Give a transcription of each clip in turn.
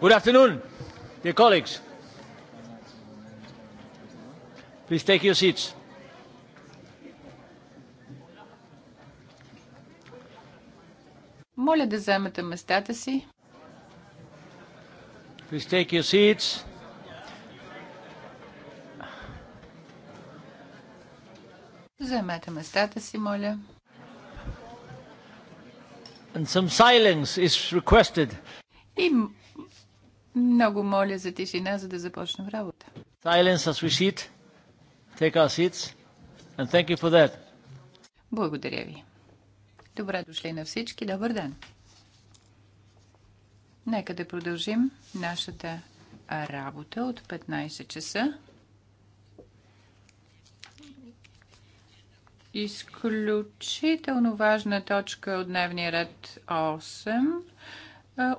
Good afternoon, dear colleagues. Please take your seats. Моля да заемете местата си. Please take your seats. Заемете местата си, моля. And some silence is requested. И много моля за тишина, за да започнем работа. Silence as we sit. Take our seats. And thank you for that. Благодаря ви. Добре дошли на всички. Добър ден. Нека да продължим нашата работа от 15 часа. Изключително важна точка от дневния ред 8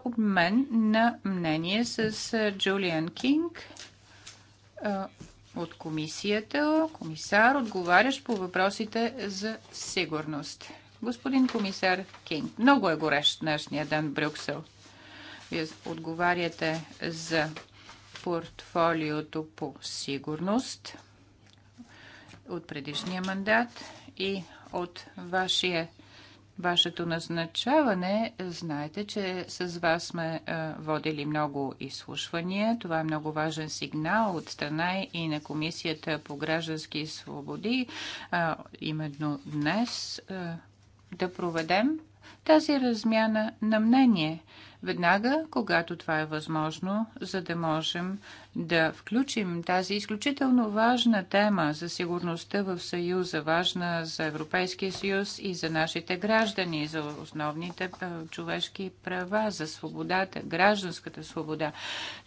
обмен на мнение с Джулиан Кинг от комисията, комисар, отговарящ по въпросите за сигурност. Господин комисар Кинг, много е горещ днешния ден в Брюксел. Вие отговаряте за портфолиото по сигурност от предишния мандат и от вашия вашето назначаване, е, знаете, че с вас сме е, водили много изслушвания. Това е много важен сигнал от страна и на Комисията по граждански свободи. Е, именно днес да проведем тази размяна на мнение – веднага, когато това е възможно, за да можем да включим тази изключително важна тема за сигурността в Съюза, важна за Европейския съюз и за нашите граждани, за основните човешки права, за свободата, гражданската свобода.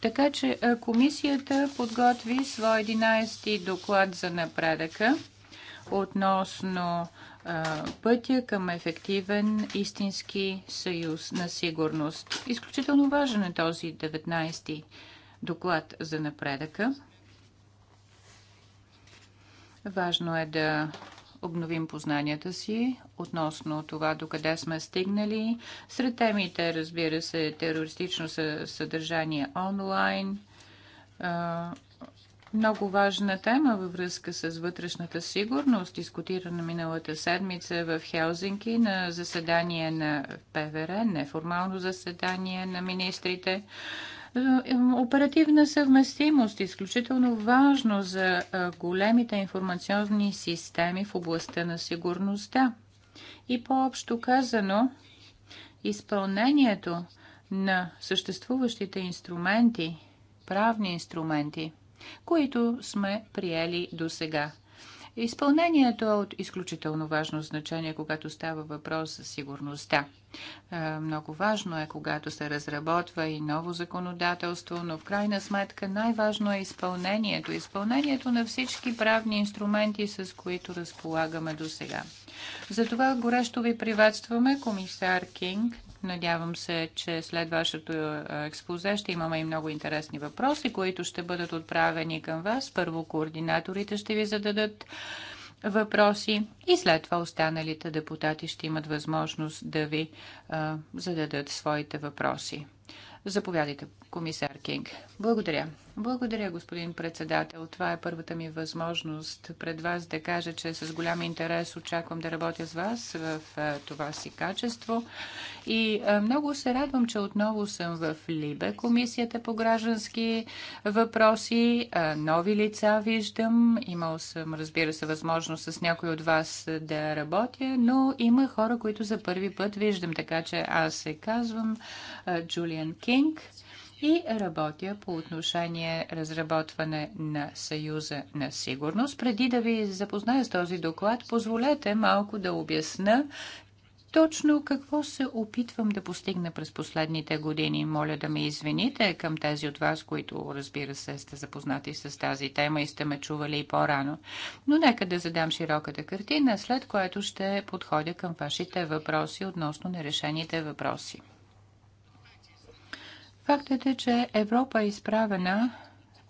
Така че комисията подготви свой 11 доклад за напредъка относно пътя към ефективен истински съюз на сигурност. Изключително важен е този 19-ти доклад за напредъка. Важно е да обновим познанията си относно това докъде сме стигнали. Сред темите, разбира се, терористично съдържание онлайн – много важна тема във връзка с вътрешната сигурност, дискутирана миналата седмица в Хелзинки на заседание на ПВР, неформално заседание на министрите. Е, е, оперативна съвместимост е изключително важно за е, големите информационни системи в областта на сигурността. И по-общо казано, изпълнението на съществуващите инструменти, правни инструменти – които сме приели до сега. Изпълнението е от изключително важно значение, когато става въпрос за сигурността. Е, много важно е, когато се разработва и ново законодателство, но в крайна сметка най-важно е изпълнението. Изпълнението на всички правни инструменти, с които разполагаме до сега. Затова горещо ви приветстваме, комисар Кинг, Надявам се, че след вашето е, експозе ще имаме и много интересни въпроси, които ще бъдат отправени към вас. Първо координаторите ще ви зададат въпроси и след това останалите депутати ще имат възможност да ви а, е, зададат своите въпроси. Заповядайте, комисар Кинг. Благодаря. Благодаря, господин председател. Това е първата ми възможност пред вас да кажа, че с голям интерес очаквам да работя с вас в това си качество. И много се радвам, че отново съм в Либе, Комисията по граждански въпроси. Нови лица виждам. Имал съм, разбира се, възможност с някой от вас да работя, но има хора, които за първи път виждам. Така че аз се казвам Джулиан Кинг и работя по отношение разработване на Съюза на сигурност. Преди да ви запозная с този доклад, позволете малко да обясна точно какво се опитвам да постигна през последните години. Моля да ме извините към тези от вас, които разбира се сте запознати с тази тема и сте ме чували и по-рано. Но нека да задам широката картина, след което ще подходя към вашите въпроси относно нерешените въпроси. Фактът е, че Европа е изправена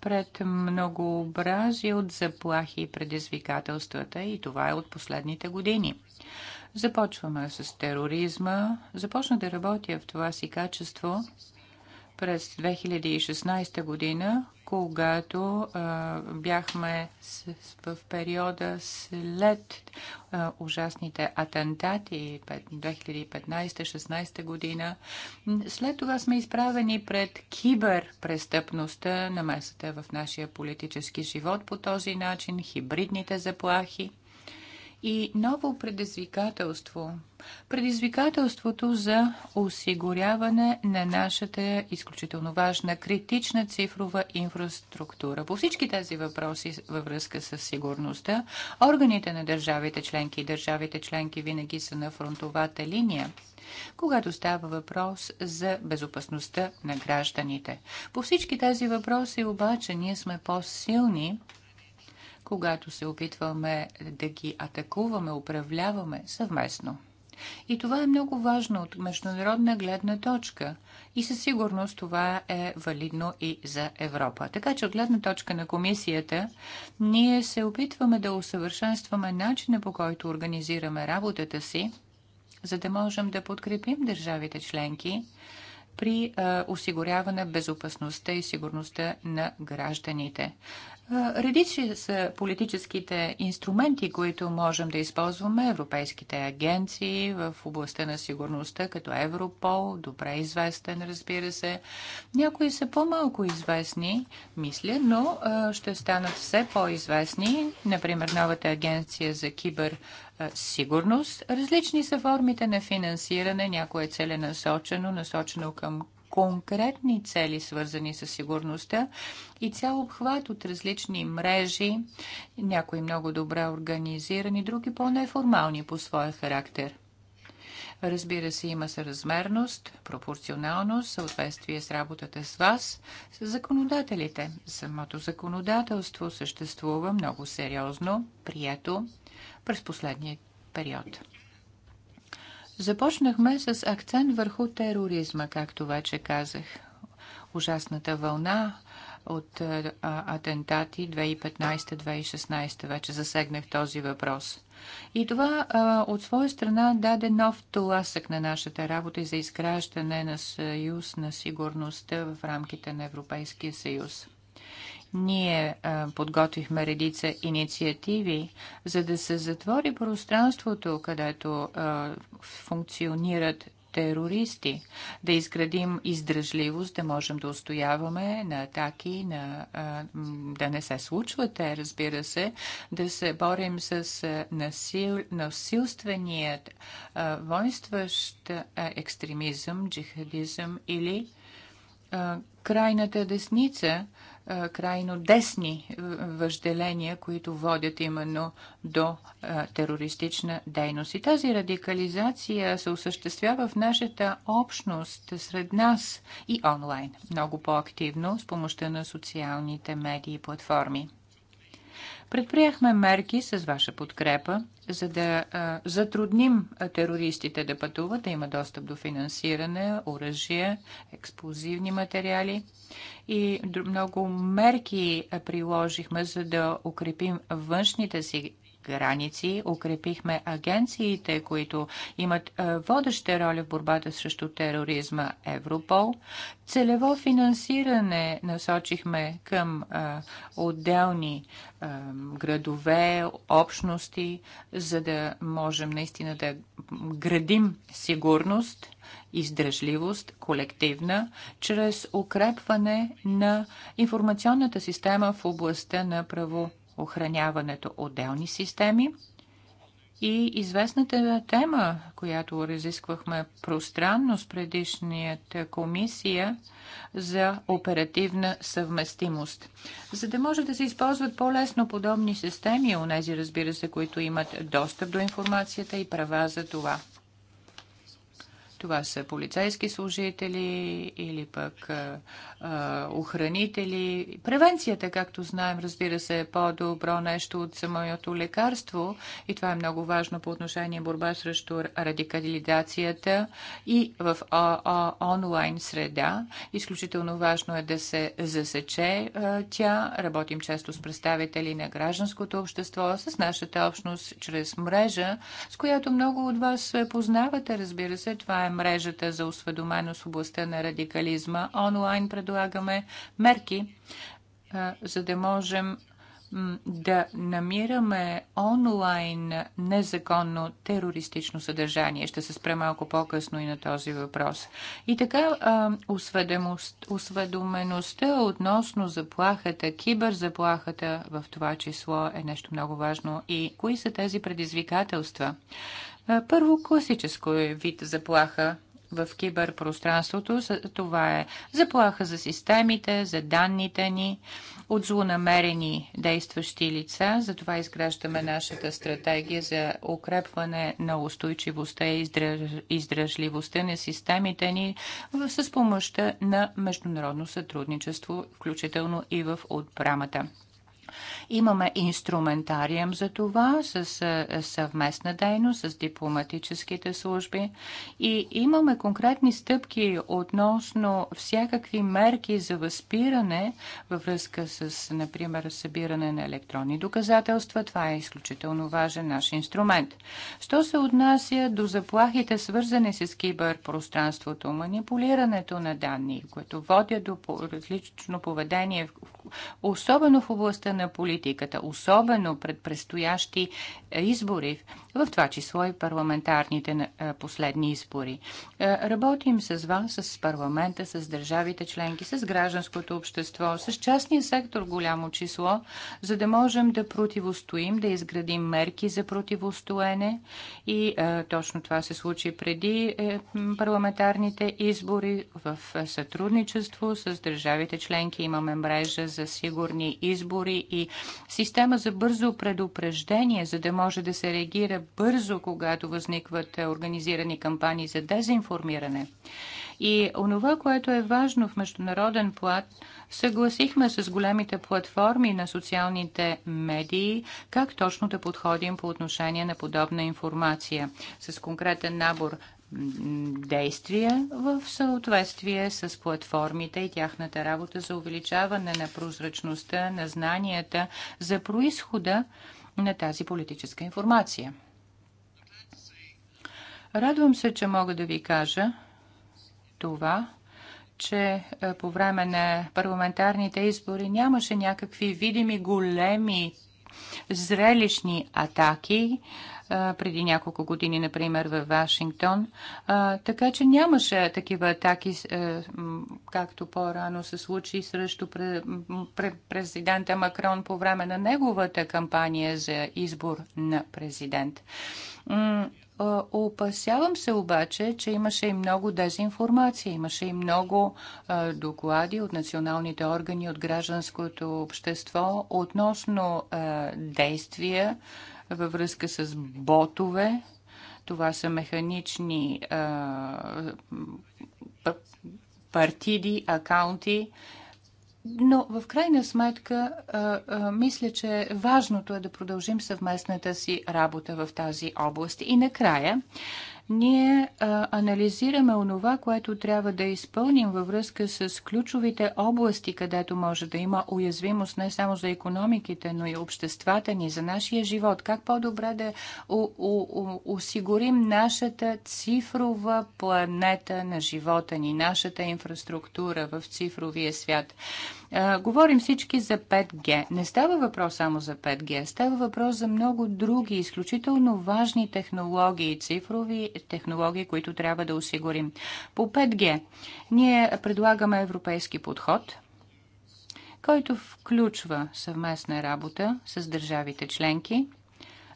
пред многообразие от заплахи и предизвикателствата и това е от последните години. Започваме с тероризма. Започна да работя в това си качество през 2016 година, когато а, бяхме с, в периода след а, ужасните атентати 2015-16 година. След това сме изправени пред киберпрестъпността, намесата в нашия политически живот по този начин, хибридните заплахи и ново предизвикателство. Предизвикателството за осигуряване на нашата изключително важна критична цифрова инфраструктура. По всички тези въпроси във връзка с сигурността, органите на държавите членки и държавите членки винаги са на фронтовата линия когато става въпрос за безопасността на гражданите. По всички тези въпроси обаче ние сме по-силни, когато се опитваме да ги атакуваме, управляваме съвместно. И това е много важно от международна гледна точка. И със сигурност това е валидно и за Европа. Така че от гледна точка на комисията, ние се опитваме да усъвършенстваме начина по който организираме работата си, за да можем да подкрепим държавите членки при а, осигуряване безопасността и сигурността на гражданите. Редици са политическите инструменти, които можем да използваме. Европейските агенции в областта на сигурността, като Европол, добре известен, разбира се. Някои са по-малко известни, мисля, но ще станат все по-известни. Например, новата агенция за кибер сигурност. Различни са формите на финансиране. Някое е целенасочено, насочено към конкретни цели, свързани с сигурността и цял обхват от различни мрежи, някои много добре организирани, други по-неформални по своя характер. Разбира се, има съразмерност, пропорционалност, съответствие с работата с вас, с законодателите. Самото законодателство съществува много сериозно, прието през последния период. Започнахме с акцент върху тероризма, както вече казах. Ужасната вълна от а, атентати 2015-2016 вече засегнах този въпрос. И това а, от своя страна даде нов тласък на нашата работа и за изграждане на съюз на сигурността в рамките на Европейския съюз. Ние подготвихме редица инициативи, за да се затвори пространството, където функционират терористи, да изградим издръжливост, да можем да устояваме на атаки, на, да не се случват те, разбира се, да се борим с насил, насилственият воинстващ екстремизъм, джихадизъм или крайната десница, е, крайно десни е, въжделения, които водят именно до е, терористична дейност. И тази радикализация се осъществява в нашата общност, сред нас и онлайн, много по-активно с помощта на социалните медии и платформи. Предприехме мерки с ваша подкрепа, за да а, затрудним терористите да пътуват, да има достъп до финансиране, оръжие, експлозивни материали. И много мерки приложихме, за да укрепим външните си граници, укрепихме агенциите, които имат е, водеща роля в борбата срещу тероризма Европол. Целево финансиране насочихме към а, е, отделни а, е, градове, общности, за да можем наистина да градим сигурност издръжливост, колективна, чрез укрепване на информационната система в областта на право охраняването отделни системи. И известната тема, която разисквахме пространно с предишният комисия за оперативна съвместимост. За да може да се използват по-лесно подобни системи, онези разбира се, които имат достъп до информацията и права за това. Това са полицейски служители или пък а, а, охранители. Превенцията, както знаем, разбира се, е по-добро нещо от самото лекарство и това е много важно по отношение борба срещу радикализацията и в о- о- онлайн среда. Изключително важно е да се засече а, тя. Работим често с представители на гражданското общество, с нашата общност чрез мрежа, с която много от вас познавате, разбира се. Това е мрежата за осведоменост в областта на радикализма. Онлайн предлагаме мерки, за да можем да намираме онлайн незаконно терористично съдържание. Ще се спре малко по-късно и на този въпрос. И така, осведомеността относно заплахата, киберзаплахата в това число е нещо много важно. И кои са тези предизвикателства? Първо, класическо е вид заплаха в киберпространството. Това е заплаха за системите, за данните ни, от злонамерени действащи лица. Затова изграждаме нашата стратегия за укрепване на устойчивостта и издръжливостта на системите ни с помощта на международно сътрудничество, включително и в отбрамата. Имаме инструментариум за това с е, съвместна дейност с дипломатическите служби и имаме конкретни стъпки относно всякакви мерки за възпиране във връзка с, например, събиране на електронни доказателства. Това е изключително важен наш инструмент. Що се отнася до заплахите, свързани с киберпространството, манипулирането на данни, което водят до различно поведение, особено в областта на политиката, особено пред предстоящи е, избори, в това число и парламентарните е, последни избори. Е, работим с вас, с парламента, с държавите членки, с гражданското общество, с частния сектор голямо число, за да можем да противостоим, да изградим мерки за противостоене и точно това се случи преди парламентарните избори в сътрудничество с държавите членки. Имаме мрежа за сигурни избори и система за бързо предупреждение, за да може да се реагира бързо, когато възникват е, организирани кампании за дезинформиране. И онова, което е важно в международен плат, съгласихме с големите платформи на социалните медии как точно да подходим по отношение на подобна информация с конкретен набор действия в съответствие с платформите и тяхната работа за увеличаване на прозрачността, на знанията за происхода на тази политическа информация. Радвам се, че мога да ви кажа това, че е, по време на парламентарните избори нямаше някакви видими големи зрелищни атаки преди няколко години, например, в Вашингтон. Така че нямаше такива атаки, е, както по-рано се случи срещу президента Макрон по време на неговата кампания за избор на президент. Опасявам се обаче, че имаше и много дезинформация, имаше и много а, доклади от националните органи, от гражданското общество относно а, действия, във връзка с ботове. Това са механични а, партиди, акаунти. Но в крайна сметка, а, а, мисля, че важното е да продължим съвместната си работа в тази област. И накрая, ние а, анализираме онова, което трябва да изпълним във връзка с ключовите области, където може да има уязвимост не само за економиките, но и обществата ни, за нашия живот. Как по-добре да осигурим нашата цифрова планета на живота ни, нашата инфраструктура в цифровия свят. Е, говорим всички за 5G. Не става въпрос само за 5G, става въпрос за много други изключително важни технологии, цифрови технологии, които трябва да осигурим. По 5G ние предлагаме европейски подход – който включва съвместна работа с държавите членки,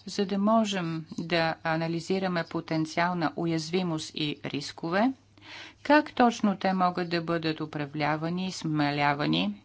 за да можем да анализираме потенциална уязвимост и рискове как точно те могат да бъдат управлявани и смалявани?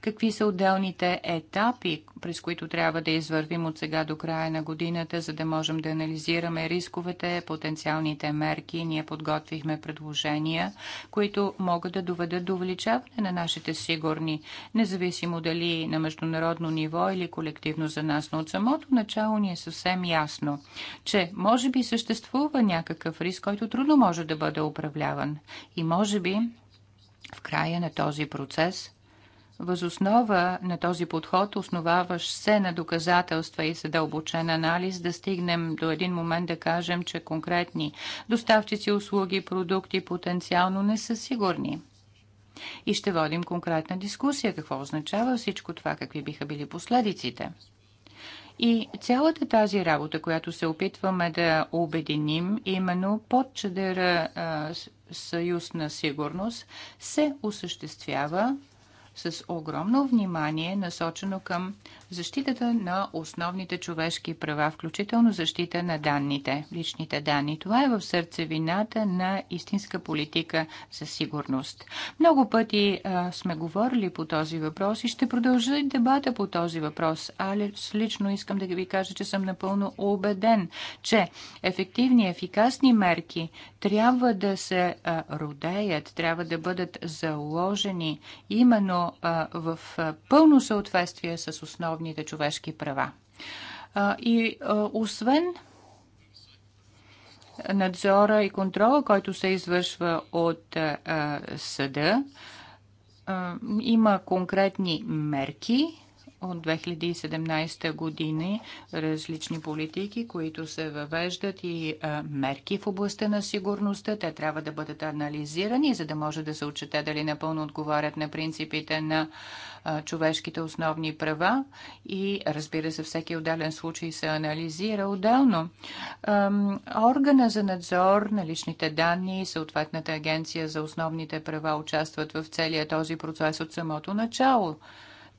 Какви са отделните етапи, през които трябва да извървим от сега до края на годината, за да можем да анализираме рисковете, потенциалните мерки? Ние подготвихме предложения, които могат да доведат до увеличаване на нашите сигурни, независимо дали на международно ниво или колективно за нас. Но от самото начало ни е съвсем ясно, че може би съществува някакъв риск, който трудно може да бъде управляван. И може би в края на този процес Възоснова на този подход, основаващ се на доказателства и задълбочен анализ, да стигнем до един момент да кажем, че конкретни доставчици, услуги, продукти потенциално не са сигурни. И ще водим конкретна дискусия какво означава всичко това, какви биха били последиците. И цялата тази работа, която се опитваме да обединим, именно под чадъра съюз на сигурност, се осъществява с огромно внимание насочено към защитата на основните човешки права, включително защита на данните, личните данни. Това е в сърцевината на истинска политика за сигурност. Много пъти а, сме говорили по този въпрос и ще и дебата по този въпрос. А лично искам да ви кажа, че съм напълно убеден, че ефективни, ефикасни мерки трябва да се а, родеят, трябва да бъдат заложени именно в пълно съответствие с основните човешки права. И освен надзора и контрола, който се извършва от съда, има конкретни мерки, от 2017 години различни политики, които се въвеждат и а, мерки в областта на сигурността. Те трябва да бъдат анализирани, за да може да се отчете дали напълно отговарят на принципите на а, човешките основни права. И разбира се, всеки отделен случай се анализира отделно. органа за надзор на личните данни и съответната агенция за основните права участват в целия този процес от самото начало.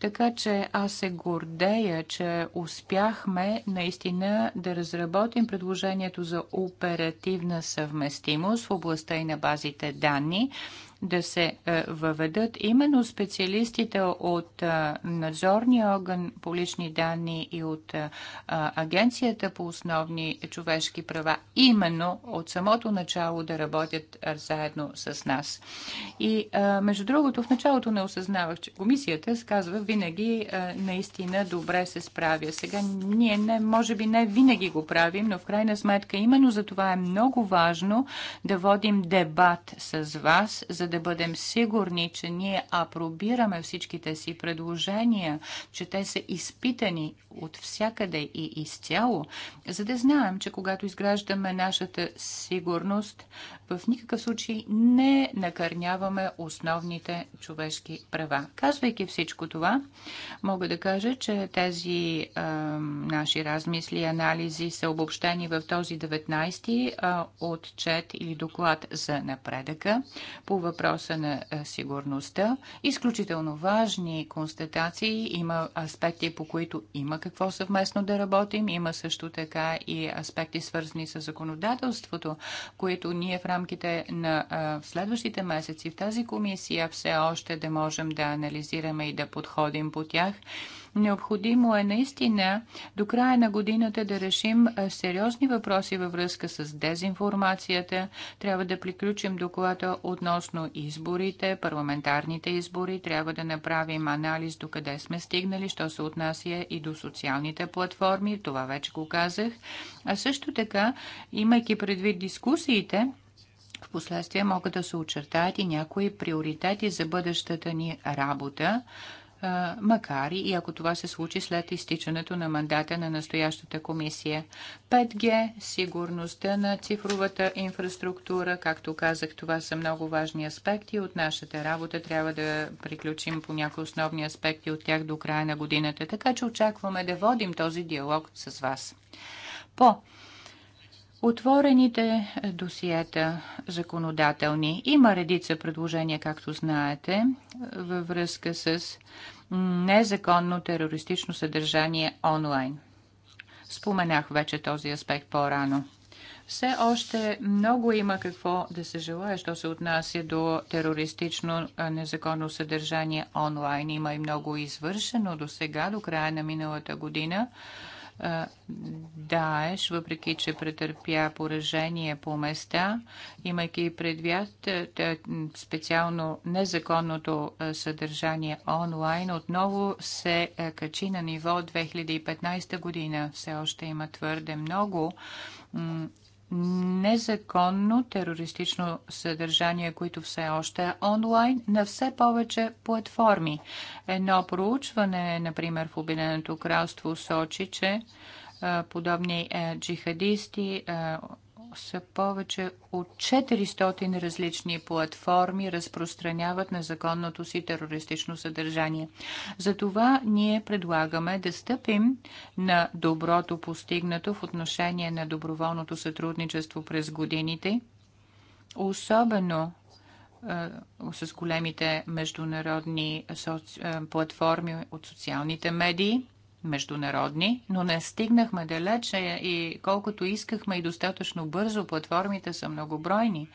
Така че аз се гордея, че успяхме наистина да разработим предложението за оперативна съвместимост в областта и на базите данни да се е, въведат именно специалистите от е, надзорния орган по лични данни и от е, Агенцията по основни човешки права, именно от самото начало да работят заедно с нас. И между другото, в началото не осъзнавах, че комисията, казва, винаги наистина добре се справя. Сега ние не, може би не винаги го правим, но в крайна сметка именно за това е много важно да водим дебат с вас, за да да бъдем сигурни, че ние апробираме всичките си предложения, че те са изпитани от всякъде и изцяло, за да знаем, че когато изграждаме нашата сигурност, в никакъв случай не накърняваме основните човешки права. Казвайки всичко това, мога да кажа, че тези е, наши размисли и анализи са обобщени в този 19 ти отчет или доклад за напредъка по въпроса въпроса на е, сигурността. Изключително важни констатации. Има аспекти, по които има какво съвместно да работим. Има също така и аспекти, свързани с законодателството, които ние в рамките на е, следващите месеци в тази комисия все още да можем да анализираме и да подходим по тях. Необходимо е наистина до края на годината да решим сериозни въпроси във връзка с дезинформацията. Трябва да приключим доклада относно изборите, парламентарните избори. Трябва да направим анализ до къде сме стигнали, що се отнася и до социалните платформи. Това вече го казах. А също така, имайки предвид дискусиите, в последствие могат да се очертаят и някои приоритети за бъдещата ни работа макар и ако това се случи след изтичането на мандата на настоящата комисия. 5G, сигурността на цифровата инфраструктура, както казах, това са много важни аспекти от нашата работа. Трябва да приключим по някои основни аспекти от тях до края на годината, така че очакваме да водим този диалог с вас. По Отворените досиета законодателни. Има редица предложения, както знаете, във връзка с незаконно терористично съдържание онлайн. Споменах вече този аспект по-рано. Все още много има какво да се желая, що се отнася до терористично незаконно съдържание онлайн. Има и много извършено до сега, до края на миналата година. Даеш, въпреки че претърпя поражение по места, имайки предвид специално незаконното съдържание онлайн, отново се качи на ниво 2015 година. Все още има твърде много незаконно терористично съдържание, които все още е онлайн, на все повече платформи. Едно проучване, например, в Обединеното кралство сочи, че подобни е, джихадисти, е, са повече от 400 различни платформи разпространяват незаконното си терористично съдържание. Затова ние предлагаме да стъпим на доброто постигнато в отношение на доброволното сътрудничество през годините, особено е, с големите международни е, платформи от социалните медии, международни, но не стигнахме далече и колкото искахме и достатъчно бързо, платформите са многобройни.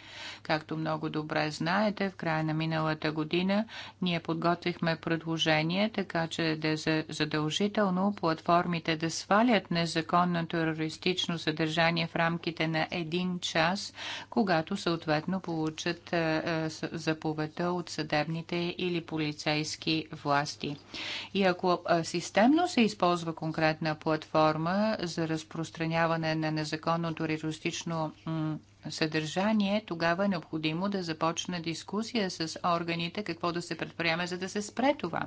Както много добре знаете, в края на миналата година ние подготвихме предложение, така че да е задължително платформите да свалят незаконно терористично съдържание в рамките на един час, когато съответно получат е, е, заповедта от съдебните или полицейски власти. И ако е, системно се изпълнява използва конкретна платформа за разпространяване на незаконно терористично съдържание, тогава е необходимо да започне дискусия с органите какво да се предприеме, за да се спре това.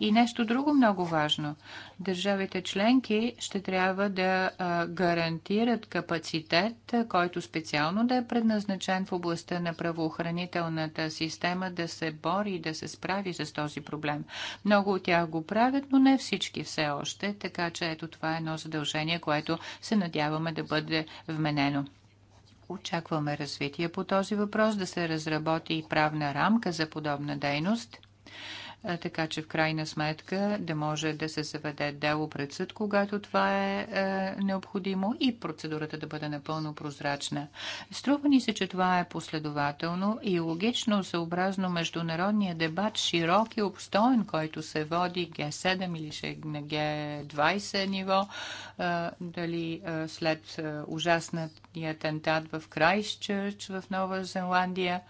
И нещо друго много важно. Държавите членки ще трябва да гарантират капацитет, който специално да е предназначен в областта на правоохранителната система да се бори и да се справи с този проблем. Много от тях го правят, но не всички все още, така че ето това е едно задължение, което се надяваме да бъде вменено. Очакваме развитие по този въпрос, да се разработи и правна рамка за подобна дейност. Е, така че в крайна сметка да може да се заведе дело пред съд, когато това е, е, необходимо и процедурата да бъде напълно прозрачна. Струва ни се, че това е последователно и логично съобразно международния дебат, широк и обстоен, който се води Г7 или на Г20 ниво, е, дали след ужасният атентат в Крайсчърч в Нова Зеландия.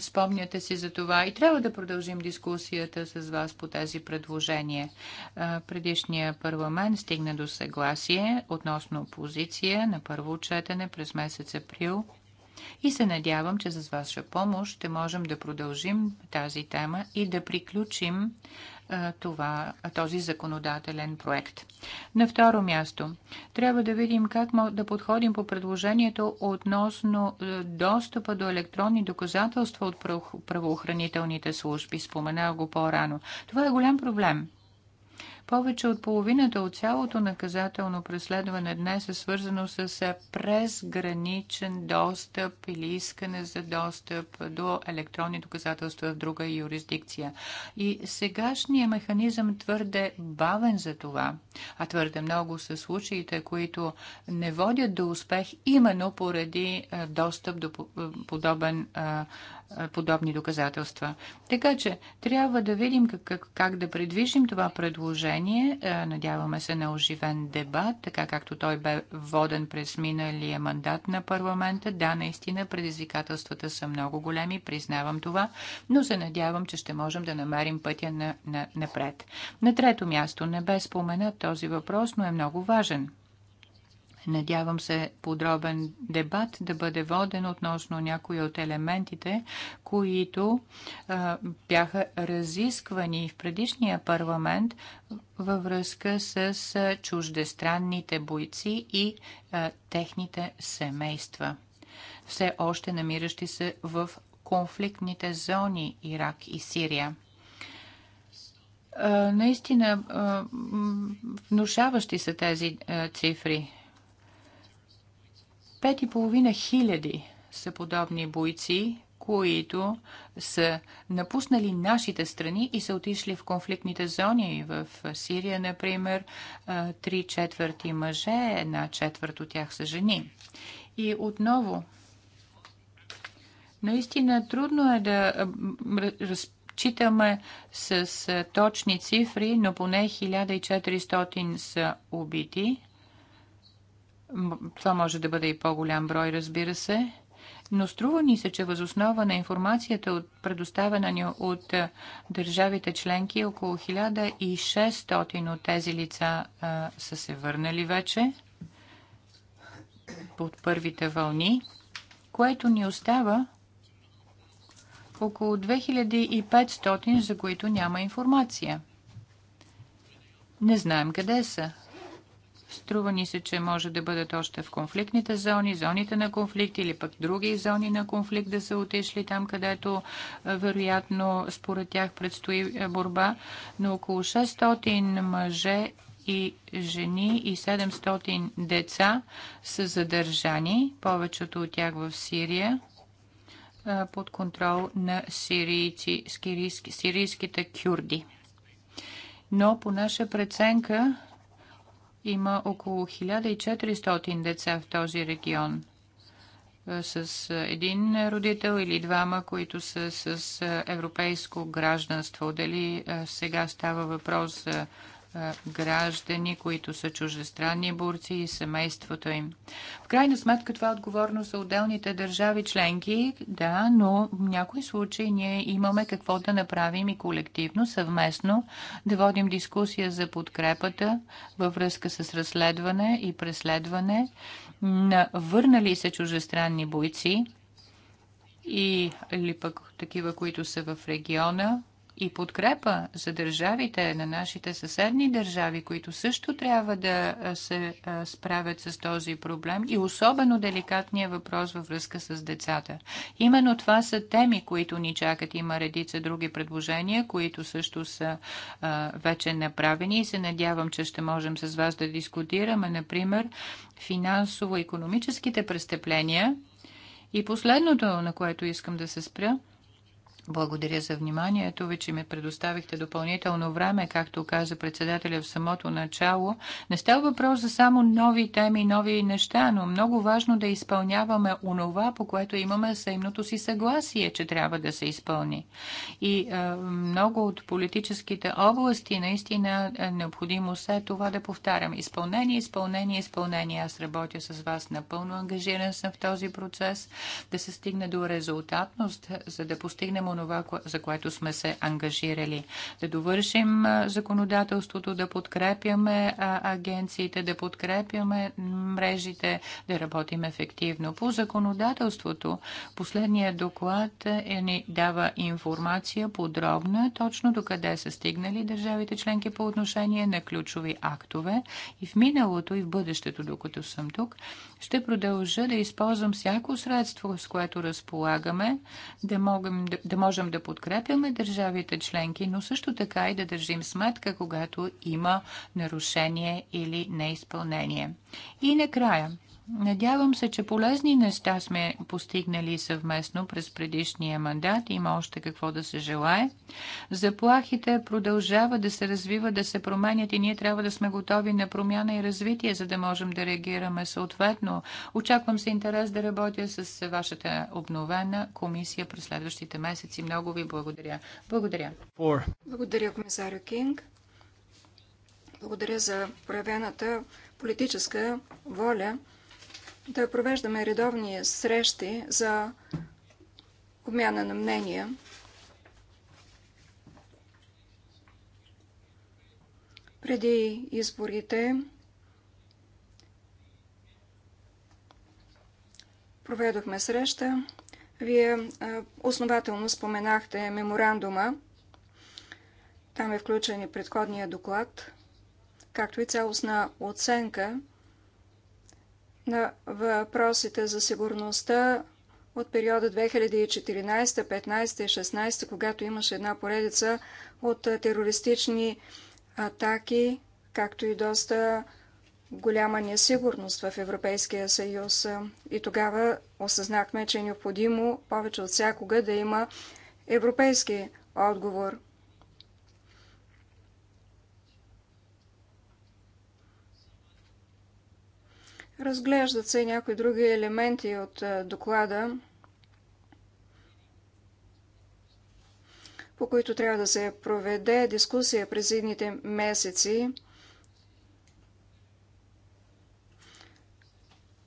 Спомняте си за това и трябва да продължим дискусията с вас по тези предложения. Предишния парламент стигна до съгласие относно позиция на първо четене през месец април и се надявам, че с ваша помощ ще можем да продължим тази тема и да приключим това, този законодателен проект. На второ място, трябва да видим как да подходим по предложението относно е, достъпа до електронни доказателства от правоохранителните служби. Споменах го по-рано. Това е голям проблем повече от половината от цялото наказателно преследване днес е свързано с е, презграничен достъп или искане за достъп до електронни доказателства в друга юрисдикция. И сегашният механизъм твърде бавен за това, а твърде много са случаите, които не водят до успех именно поради е, достъп до е, подобен подобни доказателства. Така че трябва да видим как, как да предвижим това предложение. Надяваме се на оживен дебат, така както той бе воден през миналия мандат на парламента. Да, наистина предизвикателствата са много големи, признавам това, но се надявам, че ще можем да намерим пътя на, на, напред. На трето място не бе споменат този въпрос, но е много важен. Надявам се подробен дебат да бъде воден относно някои от елементите, които а, бяха разисквани в предишния парламент във връзка с чуждестранните бойци и а, техните семейства, все още намиращи се в конфликтните зони Ирак и Сирия наистина внушаващи са тези цифри. 5,5 хиляди са подобни бойци, които са напуснали нашите страни и са отишли в конфликтните зони. В Сирия, например, три четвърти мъже, една четвърт от тях са жени. И отново, наистина трудно е да разчитаме с точни цифри, но поне 1400 са убити, това може да бъде и по-голям брой, разбира се. Но струва ни се, че възоснова на информацията, от предоставена ни от държавите членки, около 1600 от тези лица а, са се върнали вече от първите вълни, което ни остава около 2500, за които няма информация. Не знаем къде са. Струва ни се, че може да бъдат още в конфликтните зони, зоните на конфликт или пък други зони на конфликт да са отишли там, където вероятно според тях предстои борба. Но около 600 мъже и жени и 700 деца са задържани, повечето от тях в Сирия, под контрол на сирийци, сирийските кюрди. Но по наша преценка има около 1400 деца в този регион с един родител или двама, които са с европейско гражданство. Дали сега става въпрос за граждани, които са чуждестранни борци и семейството им. В крайна сметка това е отговорно за отделните държави членки, да, но в някои случаи ние имаме какво да направим и колективно, съвместно, да водим дискусия за подкрепата във връзка с разследване и преследване на върнали се чуждестранни бойци или пък такива, които са в региона, и подкрепа за държавите, на нашите съседни държави, които също трябва да се справят с този проблем и особено деликатния въпрос във връзка с децата. Именно това са теми, които ни чакат. Има редица други предложения, които също са а, вече направени и се надявам, че ще можем с вас да дискутираме, например, финансово-економическите престъпления. И последното, на което искам да се спря – благодаря за вниманието ви, че ми предоставихте допълнително време, както каза председателя в самото начало. Не става въпрос за само нови теми, нови неща, но много важно да изпълняваме онова, по което имаме съемното си съгласие, че трябва да се изпълни. И е, много от политическите области наистина е необходимо се това да повтарям. Изпълнение, изпълнение, изпълнение. Аз работя с вас напълно ангажиран съм в този процес, да се стигне до резултатност, за да постигнем онова, за което сме се ангажирали. Да довършим законодателството, да подкрепяме агенциите, да подкрепяме мрежите, да работим ефективно. По законодателството, последният доклад е, ни дава информация подробна, точно до къде са стигнали държавите членки по отношение на ключови актове и в миналото и в бъдещето, докато съм тук, ще продължа да използвам всяко средство, с което разполагаме, да, можем, да, да можем да подкрепяме държавите членки, но също така и да държим сметка, когато има нарушение или неизпълнение. И накрая, Надявам се, че полезни неща сме постигнали съвместно през предишния мандат. Има още какво да се желае. Заплахите продължават да се развиват, да се променят и ние трябва да сме готови на промяна и развитие, за да можем да реагираме съответно. Очаквам се интерес да работя с вашата обновена комисия през следващите месеци. Много ви благодаря. Благодаря. Благодаря, комисаря Кинг. Благодаря за проявената политическа воля да провеждаме редовни срещи за обмяна на мнения. Преди изборите проведохме среща. Вие основателно споменахте меморандума. Там е включен и предходния доклад, както и цялостна оценка на въпросите за сигурността от периода 2014, 15 и 16, когато имаше една поредица от терористични атаки, както и доста голяма несигурност в Европейския съюз. И тогава осъзнахме, че е необходимо повече от всякога да има европейски отговор – Разглеждат се и някои други елементи от е, доклада, по които трябва да се проведе дискусия през едните месеци.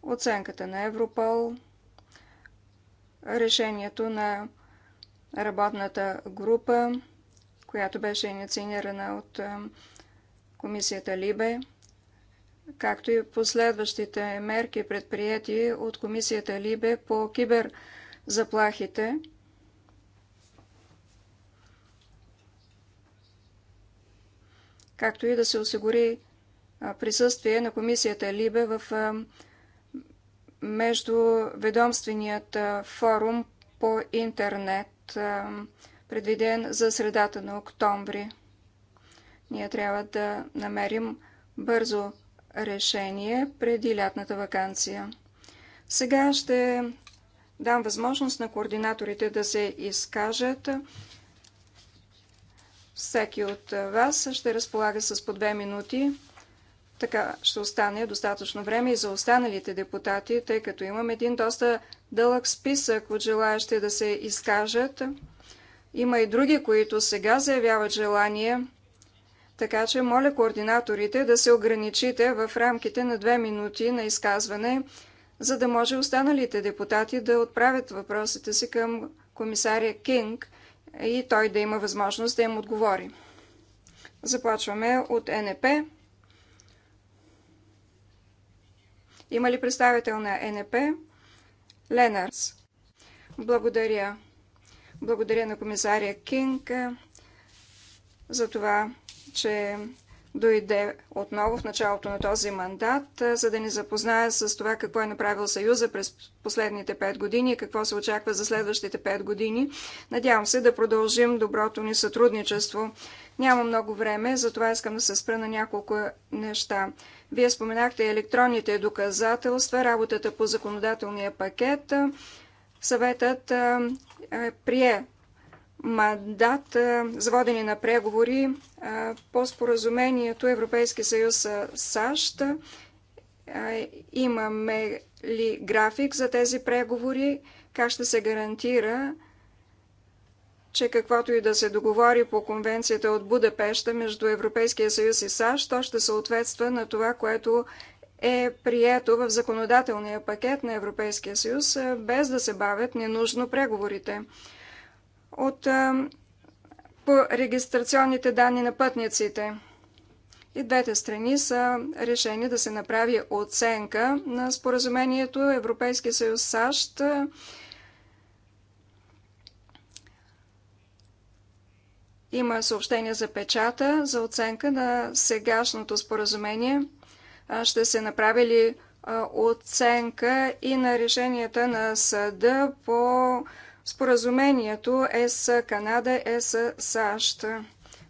Оценката на Европол, решението на работната група, която беше инициирана от е, комисията Либе – както и последващите мерки предприяти от комисията Либе по киберзаплахите. както и да се осигури присъствие на комисията Либе в междуведомственият форум по интернет, предвиден за средата на октомври. Ние трябва да намерим бързо решение преди лятната вакансия. Сега ще дам възможност на координаторите да се изкажат. Всеки от вас ще разполага с по две минути. Така ще остане достатъчно време и за останалите депутати, тъй като имам един доста дълъг списък от желаящи да се изкажат. Има и други, които сега заявяват желание. Така че моля координаторите да се ограничите в рамките на две минути на изказване, за да може останалите депутати да отправят въпросите си към комисаря Кинг и той да има възможност да им отговори. Започваме от НП. Има ли представител на НП? Ленарс. Благодаря. Благодаря на комисаря Кинг за това, че дойде отново в началото на този мандат, за да ни запознае с това какво е направил Съюза през последните 5 години и какво се очаква за следващите 5 години. Надявам се да продължим доброто ни сътрудничество. Няма много време, затова искам да се спра на няколко неща. Вие споменахте електронните доказателства, работата по законодателния пакет. Съветът е, прие Мандата, за водене на преговори по споразумението Европейски съюз САЩ. Имаме ли график за тези преговори? Как ще се гарантира, че каквото и да се договори по конвенцията от Будапешта между Европейския съюз и САЩ, то ще съответства на това, което е прието в законодателния пакет на Европейския съюз, без да се бавят ненужно преговорите от по регистрационните данни на пътниците. И двете страни са решени да се направи оценка на споразумението Европейския съюз САЩ. Има съобщение за печата за оценка на сегашното споразумение. Ще се направи ли оценка и на решенията на съда по споразумението ЕС Канада, е с САЩ.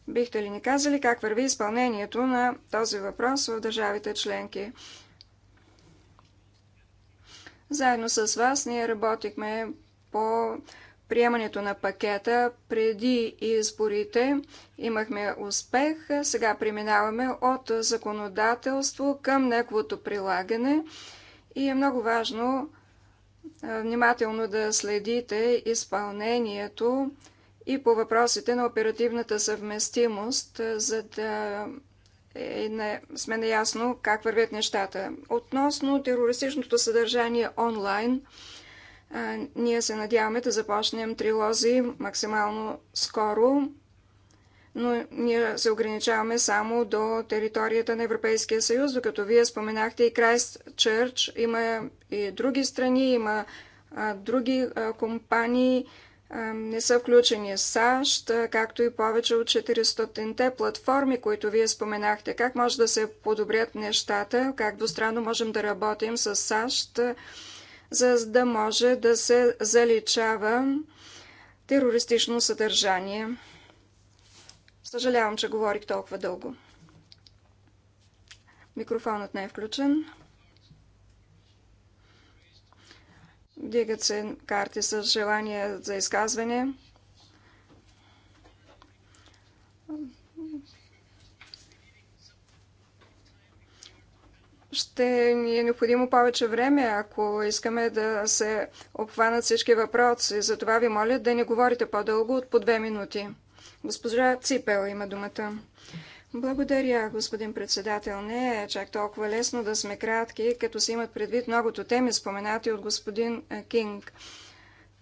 Бихте ли ни казали как върви изпълнението на този въпрос в държавите членки? Заедно с вас ние работихме по приемането на пакета преди изборите. Имахме успех. Сега преминаваме от законодателство към неговото прилагане и е много важно внимателно да следите изпълнението и по въпросите на оперативната съвместимост, за да е сме наясно как вървят нещата. Относно терористичното съдържание онлайн, ние се надяваме да започнем трилози максимално скоро но ние се ограничаваме само до територията на Европейския съюз, докато вие споменахте и Крайст Чърч, има и други страни, има а, други а, компании, а, не са включени САЩ, както и повече от 400-те платформи, които вие споменахте. Как може да се подобрят нещата, как двустранно можем да работим с САЩ, за да може да се заличава терористично съдържание. Съжалявам, че говорих толкова дълго. Микрофонът не е включен. Дигат се карти с желание за изказване. ще ни е необходимо повече време, ако искаме да се обхванат всички въпроси. Затова ви моля да не говорите по-дълго от по две минути. Госпожа Ципел има думата. Благодаря, господин председател. Не е чак толкова лесно да сме кратки, като се имат предвид многото теми, споменати от господин е, Кинг.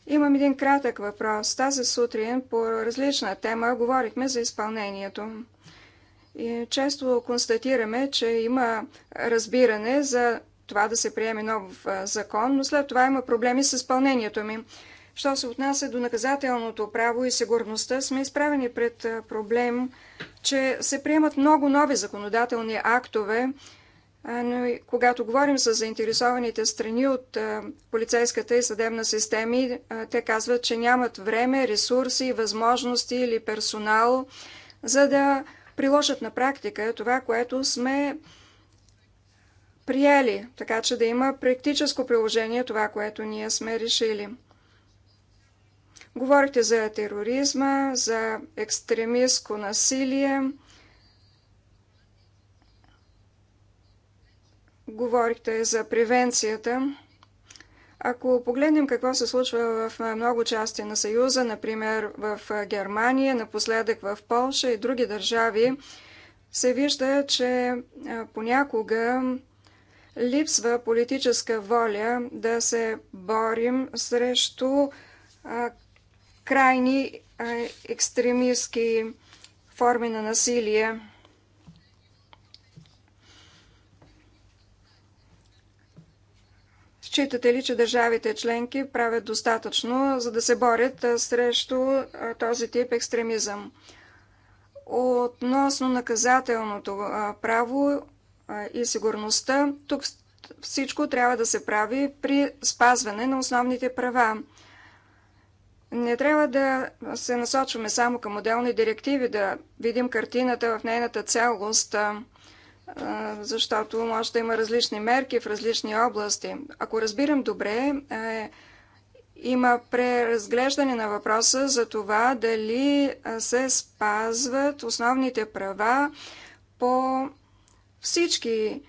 Имам един кратък въпрос. Тази сутрин по различна тема говорихме за изпълнението. И често констатираме, че има разбиране за това да се приеме нов е, закон, но след това има проблеми с изпълнението ми. Що се отнася до наказателното право и сигурността, сме изправени пред проблем, че се приемат много нови законодателни актове, но и когато говорим с заинтересованите страни от полицейската и съдебна системи, те казват, че нямат време, ресурси, възможности или персонал, за да приложат на практика това, което сме приели, така че да има практическо приложение това, което ние сме решили. Говорите за тероризма, за екстремистско насилие. Говорихте за превенцията. Ако погледнем какво се случва в много части на Съюза, например в Германия, напоследък в Польша и други държави, се вижда, че понякога липсва политическа воля да се борим срещу крайни е, екстремистски форми на насилие. Считате ли, че държавите членки правят достатъчно, за да се борят е, срещу е, този тип екстремизъм? Относно наказателното право и сигурността, тук всичко трябва да се прави при спазване на основните права. Не трябва да се насочваме само към отделни директиви, да видим картината в нейната цялост, защото може да има различни мерки в различни области. Ако разбирам добре, е, има преразглеждане на въпроса за това дали се спазват основните права по всички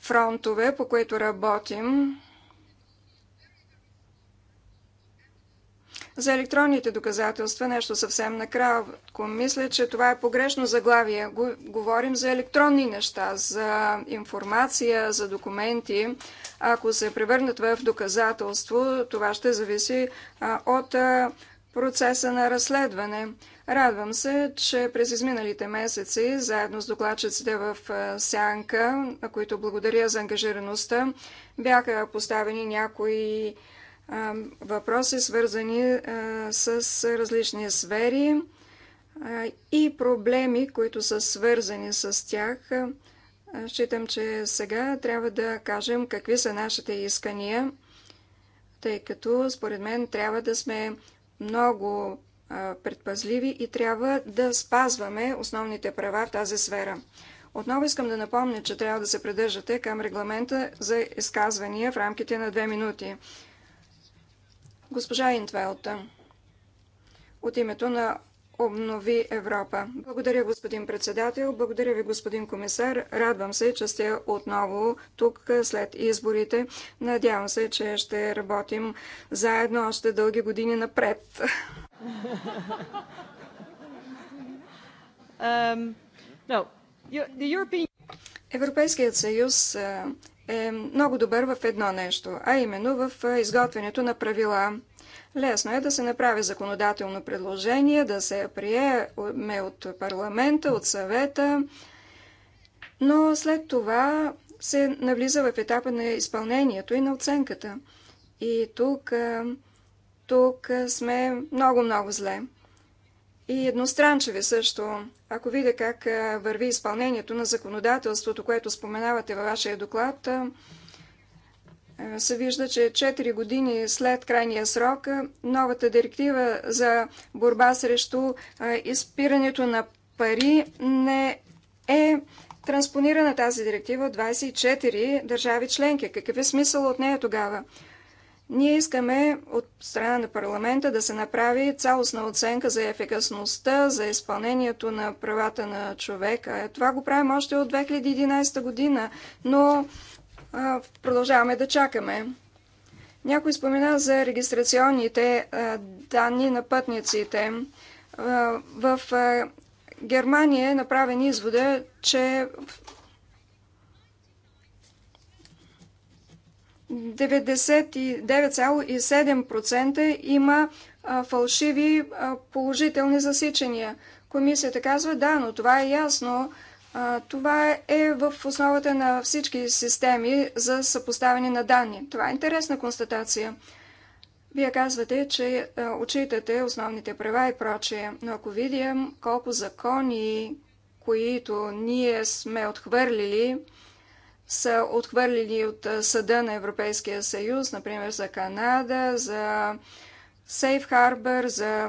фронтове, по които работим. За електронните доказателства нещо съвсем накратко. Мисля, че това е погрешно заглавие. Говорим за електронни неща, за информация, за документи. Ако се превърнат в доказателство, това ще зависи от процеса на разследване. Радвам се, че през изминалите месеци, заедно с докладчиците в Сянка, на които благодаря за ангажираността, бяха поставени някои въпроси, свързани с различни сфери и проблеми, които са свързани с тях. Считам, че сега трябва да кажем какви са нашите искания, тъй като според мен трябва да сме много предпазливи и трябва да спазваме основните права в тази сфера. Отново искам да напомня, че трябва да се придържате към регламента за изказвания в рамките на две минути. Госпожа Интвелта от името на Обнови Европа. Благодаря, господин председател. Благодаря ви, господин комисар. Радвам се, че сте отново тук след изборите. Надявам се, че ще работим заедно още дълги години напред. Um, no. Европейският съюз е много добър в едно нещо, а именно в е, изготвянето на правила. Лесно е да се направи законодателно предложение, да се приеме от парламента, от съвета, но след това се навлиза в етапа на изпълнението и на оценката. И тук, е, тук сме много-много зле. И едностранчеви също. Ако видя как върви изпълнението на законодателството, което споменавате във вашия доклад, се вижда, че 4 години след крайния срок новата директива за борба срещу изпирането на пари не е транспонирана тази директива от 24 държави членки. Какъв е смисъл от нея тогава? Ние искаме от страна на парламента да се направи цялостна оценка за ефикасността, за изпълнението на правата на човека. Е, това го правим още от 2011 година, но а, продължаваме да чакаме. Някой спомена за регистрационните а, данни на пътниците. А, в а, Германия е направен извода, че 99,7% има фалшиви положителни засичания. Комисията казва, да, но това е ясно. Това е в основата на всички системи за съпоставяне на данни. Това е интересна констатация. Вие казвате, че учитате основните права и прочее, но ако видим колко закони, които ние сме отхвърлили, са отхвърлили от Съда на Европейския съюз, например за Канада, за Сейф Harbor, за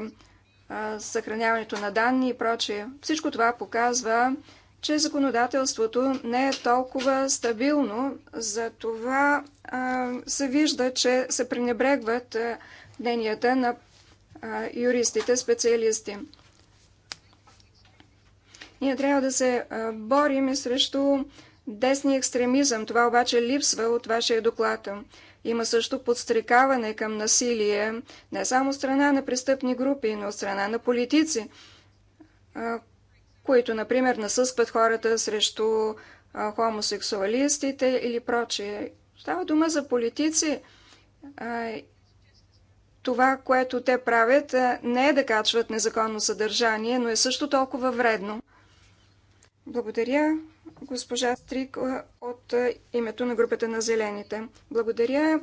съхраняването на данни и прочие. Всичко това показва, че законодателството не е толкова стабилно, затова а, се вижда, че се пренебрегват мненията на а, юристите, специалисти. Ние трябва да се борим и срещу десни екстремизъм. Това обаче липсва от вашия доклад. Има също подстрекаване към насилие, не само страна на престъпни групи, но страна на политици, които, например, насъскват хората срещу хомосексуалистите или прочие. Става дума за политици. Това, което те правят, не е да качват незаконно съдържание, но е също толкова вредно. Благодаря госпожа Стрик от името на групата на Зелените. Благодаря.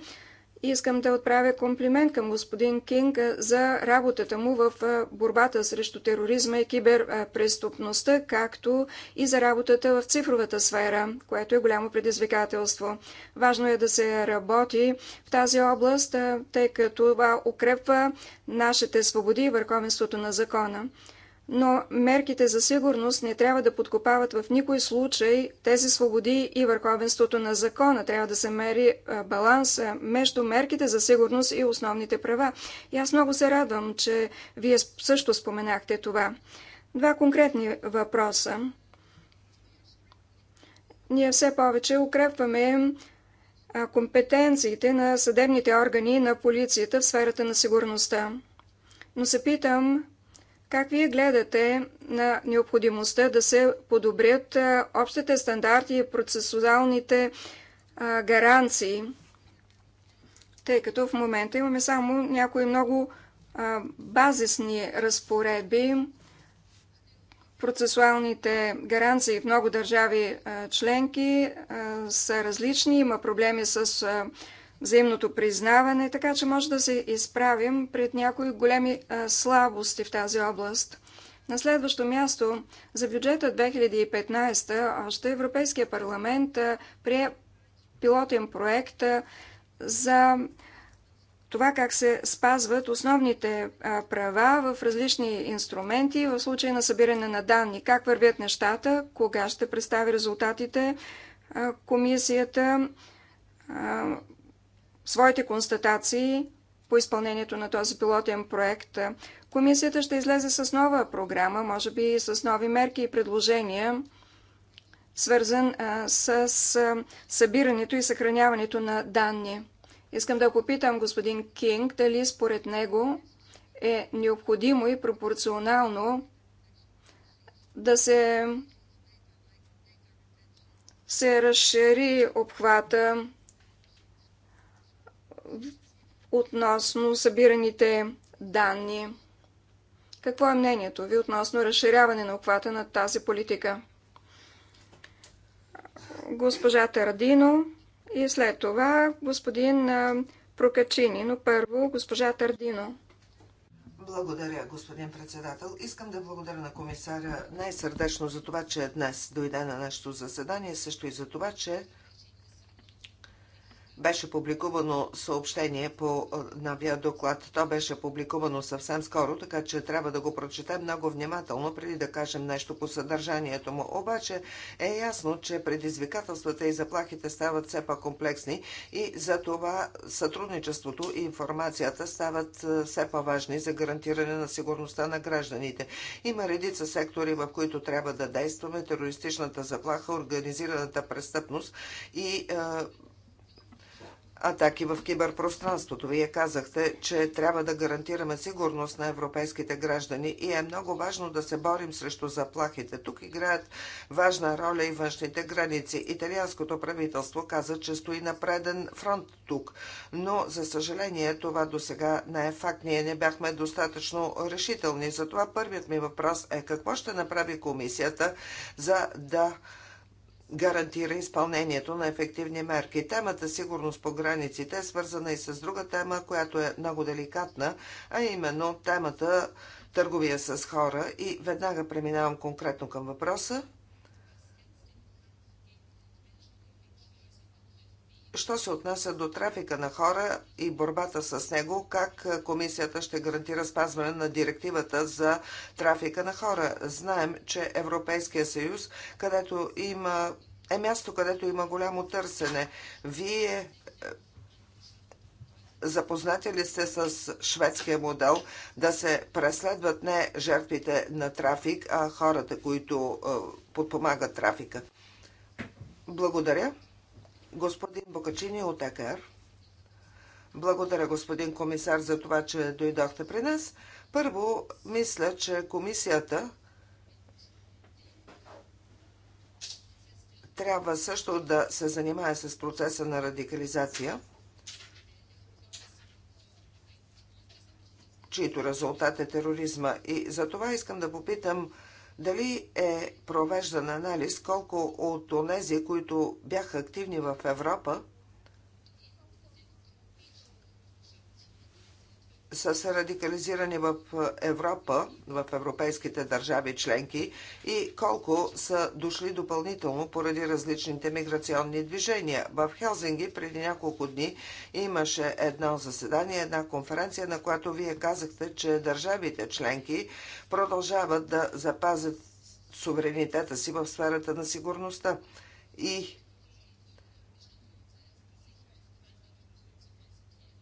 Искам да отправя комплимент към господин Кинг за работата му в борбата срещу тероризма и киберпреступността, както и за работата в цифровата сфера, което е голямо предизвикателство. Важно е да се работи в тази област, тъй като това укрепва нашите свободи и върховенството на закона но мерките за сигурност не трябва да подкопават в никой случай тези свободи и върховенството на закона. Трябва да се мери е, баланс между мерките за сигурност и основните права. И аз много се радвам, че вие също споменахте това. Два конкретни въпроса. Ние все повече укрепваме е, компетенциите на съдебните органи на полицията в сферата на сигурността. Но се питам как вие гледате на необходимостта да се подобрят общите стандарти и процесуалните гаранции, тъй като в момента имаме само някои много базисни разпоредби, процесуалните гаранции в много държави членки са различни. Има проблеми с взаимното признаване, така че може да се изправим пред някои големи слабости в тази област. На следващо място, за бюджета 2015 още Европейския парламент прие пилотен проект за това как се спазват основните права в различни инструменти в случай на събиране на данни, как вървят нещата, кога ще представи резултатите комисията своите констатации по изпълнението на този пилотен проект. Комисията ще излезе с нова програма, може би с нови мерки и предложения, свързан с събирането и съхраняването на данни. Искам да попитам господин Кинг дали според него е необходимо и пропорционално да се, се разшири обхвата относно събираните данни. Какво е мнението ви относно разширяване на оквата на тази политика? Госпожа Тардино и след това господин Прокачини, но първо госпожа Тардино. Благодаря, господин председател. Искам да благодаря на комисаря най-сърдечно за това, че днес дойде на нашето заседание, също и за това, че беше публикувано съобщение по е, новия доклад. То беше публикувано съвсем скоро, така че трябва да го прочетем много внимателно, преди да кажем нещо по съдържанието му. Обаче е ясно, че предизвикателствата и заплахите стават все по-комплексни и за това сътрудничеството и информацията стават е, все по-важни за гарантиране на сигурността на гражданите. Има редица сектори, в които трябва да действаме. Терористичната заплаха, организираната престъпност и е, атаки в киберпространството. Вие казахте, че трябва да гарантираме сигурност на европейските граждани и е много важно да се борим срещу заплахите. Тук играят важна роля и външните граници. Италианското правителство каза, че стои на преден фронт тук, но за съжаление това до сега не е факт. Ние не бяхме достатъчно решителни. Затова първият ми въпрос е какво ще направи комисията за да гарантира изпълнението на ефективни мерки. Темата сигурност по границите е свързана и с друга тема, която е много деликатна, а именно темата търговия с хора. И веднага преминавам конкретно към въпроса. Що се отнася до трафика на хора и борбата с него, как комисията ще гарантира спазване на директивата за трафика на хора? Знаем, че Европейския съюз, където има, е място, където има голямо търсене. Вие е, Запознати ли сте с шведския модел да се преследват не жертвите на трафик, а хората, които е, подпомагат трафика? Благодаря. Господин Бокачини от ЕКР. Благодаря, господин комисар, за това, че дойдохте при нас. Първо, мисля, че комисията трябва също да се занимае с процеса на радикализация, чието резултат е тероризма. И за това искам да попитам дали е провеждан анализ колко от онези, които бяха активни в Европа, са се радикализирани в Европа, в европейските държави членки и колко са дошли допълнително поради различните миграционни движения. В Хелзинги преди няколко дни имаше едно заседание, една конференция, на която вие казахте, че държавите членки продължават да запазят суверенитета си в сферата на сигурността. И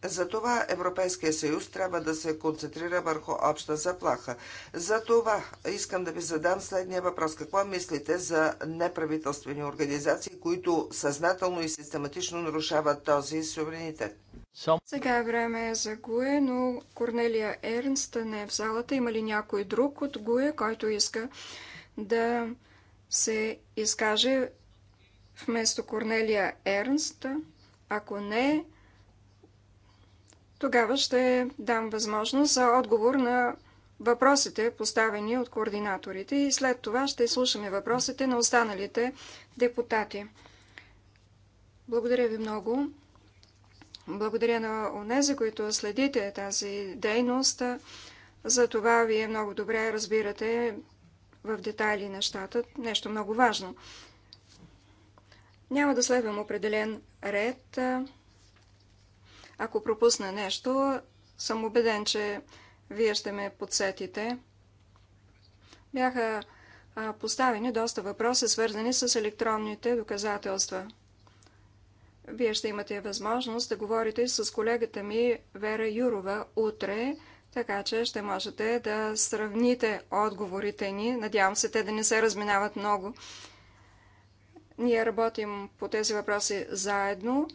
Затова Европейския съюз трябва да се концентрира върху обща заплаха. Затова искам да ви задам следния въпрос. Какво мислите за неправителствени организации, които съзнателно и систематично нарушават този суверенитет? Сега е време за Гуе, но Корнелия Ернст не е в залата. Има ли някой друг от Гуе, който иска да се изкаже вместо Корнелия Ернст? Ако не, тогава ще дам възможност за отговор на въпросите, поставени от координаторите и след това ще слушаме въпросите на останалите депутати. Благодаря ви много. Благодаря на онези, които следите тази дейност. За това вие много добре разбирате в детайли нещата. Нещо много важно. Няма да следвам определен ред. Ако пропусна нещо, съм убеден, че вие ще ме подсетите. Бяха поставени доста въпроси, свързани с електронните доказателства. Вие ще имате възможност да говорите с колегата ми Вера Юрова утре, така че ще можете да сравните отговорите ни. Надявам се те да не се разминават много. Ние работим по тези въпроси заедно.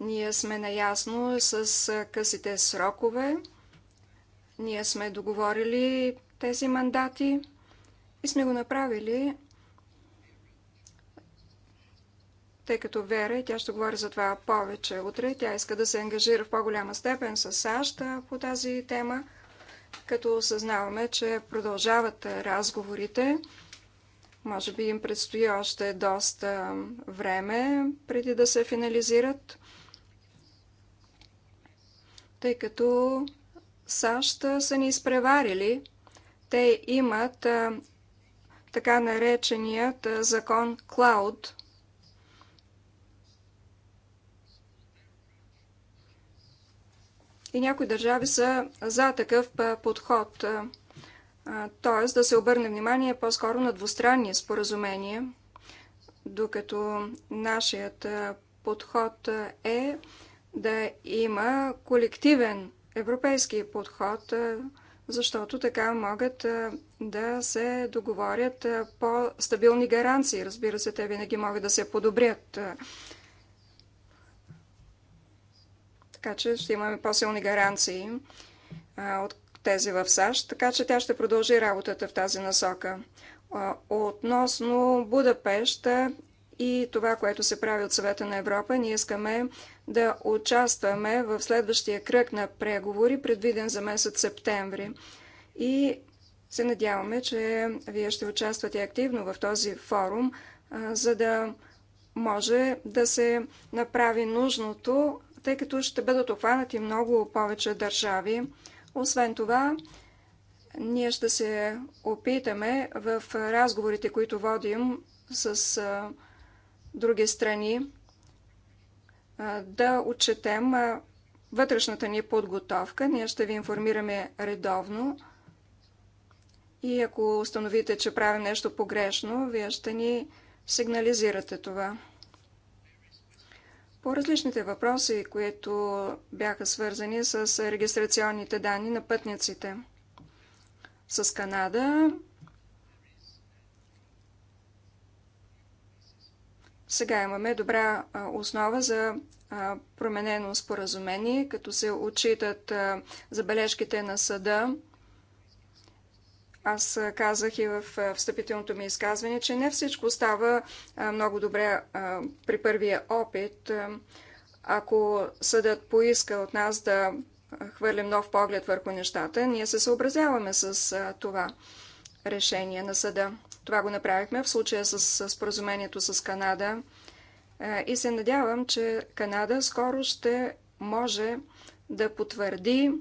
Ние сме наясно с късите срокове. Ние сме договорили тези мандати и сме го направили, тъй като Вера, и тя ще говори за това повече утре, тя иска да се ангажира в по-голяма степен с САЩ по тази тема, като осъзнаваме, че продължават разговорите. Може би им предстои още доста време преди да се финализират тъй като САЩ са ни изпреварили. Те имат а, така нареченият а, закон Клауд. И някои държави са за такъв подход, т.е. да се обърне внимание по-скоро на двустранни споразумения, докато нашият подход е да има колективен европейски подход, защото така могат да се договорят по-стабилни гаранции. Разбира се, те винаги могат да се подобрят. Така че ще имаме по-силни гаранции от тези в САЩ, така че тя ще продължи работата в тази насока. Относно Будапешта и това, което се прави от съвета на Европа. Ние искаме да участваме в следващия кръг на преговори, предвиден за месец септември. И се надяваме, че вие ще участвате активно в този форум, за да може да се направи нужното, тъй като ще бъдат обхванати много повече държави. Освен това, ние ще се опитаме в разговорите, които водим с други страни, да отчетем вътрешната ни подготовка. Ние ще ви информираме редовно. И ако установите, че правим нещо погрешно, вие ще ни сигнализирате това. По различните въпроси, които бяха свързани с регистрационните данни на пътниците. С Канада Сега имаме добра основа за променено споразумение, като се отчитат забележките на съда. Аз казах и в встъпителното ми изказване, че не всичко става много добре при първия опит. Ако съдът поиска от нас да хвърлим нов поглед върху нещата, ние се съобразяваме с това решение на съда. Това го направихме в случая с споразумението с Канада. Е, и се надявам, че Канада скоро ще може да потвърди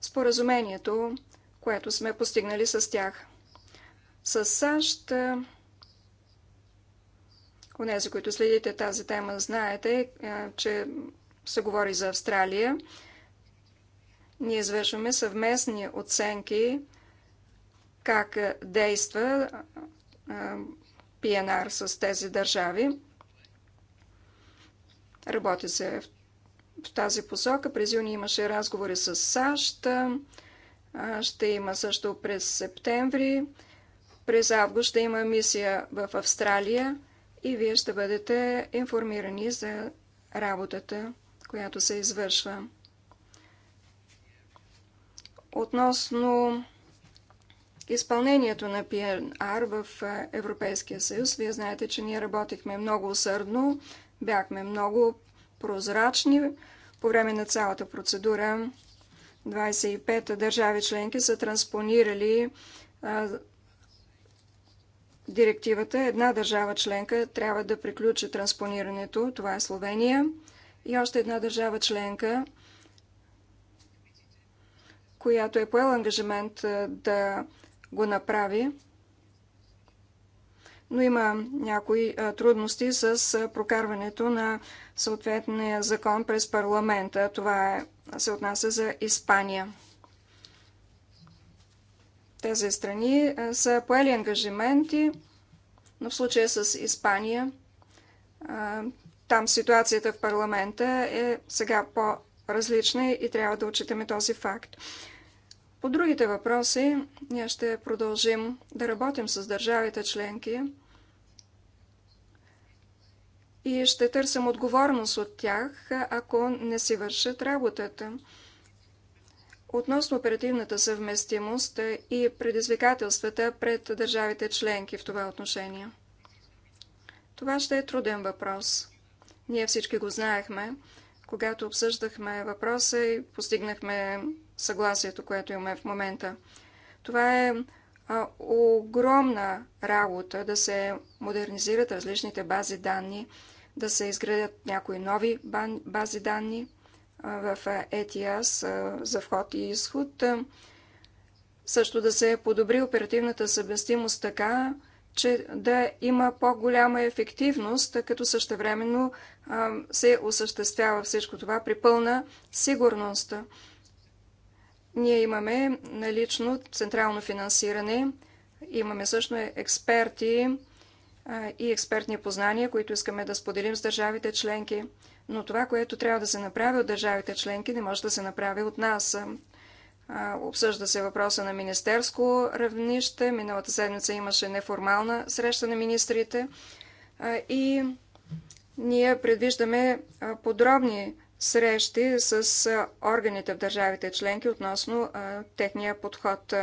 споразумението, което сме постигнали с тях. С САЩ, е, онези, които следите тази тема, знаете, е, че се говори за Австралия. Ние извършваме съвместни оценки как действа ПНР с тези държави. Работи се в тази посока. През юни имаше разговори с САЩ. Ще има също през септември. През август ще има мисия в Австралия и вие ще бъдете информирани за работата, която се извършва. Относно изпълнението на PNR в Европейския съюз. Вие знаете, че ние работихме много усърдно, бяхме много прозрачни по време на цялата процедура. 25 държави членки са транспонирали директивата. Една държава членка трябва да приключи транспонирането. Това е Словения. И още една държава членка, която е поел ангажимент да го направи. Но има някои трудности с прокарването на съответния закон през парламента. Това е, се отнася за Испания. Тези страни са поели ангажименти, но в случая с Испания там ситуацията в парламента е сега по-различна и трябва да отчитаме този факт. По другите въпроси ние ще продължим да работим с държавите членки и ще търсим отговорност от тях, ако не си вършат работата. Относно оперативната съвместимост и предизвикателствата пред държавите членки в това отношение. Това ще е труден въпрос. Ние всички го знаехме, когато обсъждахме въпроса и постигнахме съгласието, което имаме в момента. Това е а, огромна работа да се модернизират различните бази данни, да се изградят някои нови бази данни в ETIAS за вход и изход. Също да се подобри оперативната съвместимост така, че да има по-голяма ефективност, като същевременно се осъществява всичко това при пълна сигурност. Ние имаме налично централно финансиране, имаме също експерти и експертни познания, които искаме да споделим с държавите членки. Но това, което трябва да се направи от държавите членки, не може да се направи от нас. Обсъжда се въпроса на министерско равнище. Миналата седмица имаше неформална среща на министрите. И ние предвиждаме подробни срещи с органите в държавите членки относно техния подход.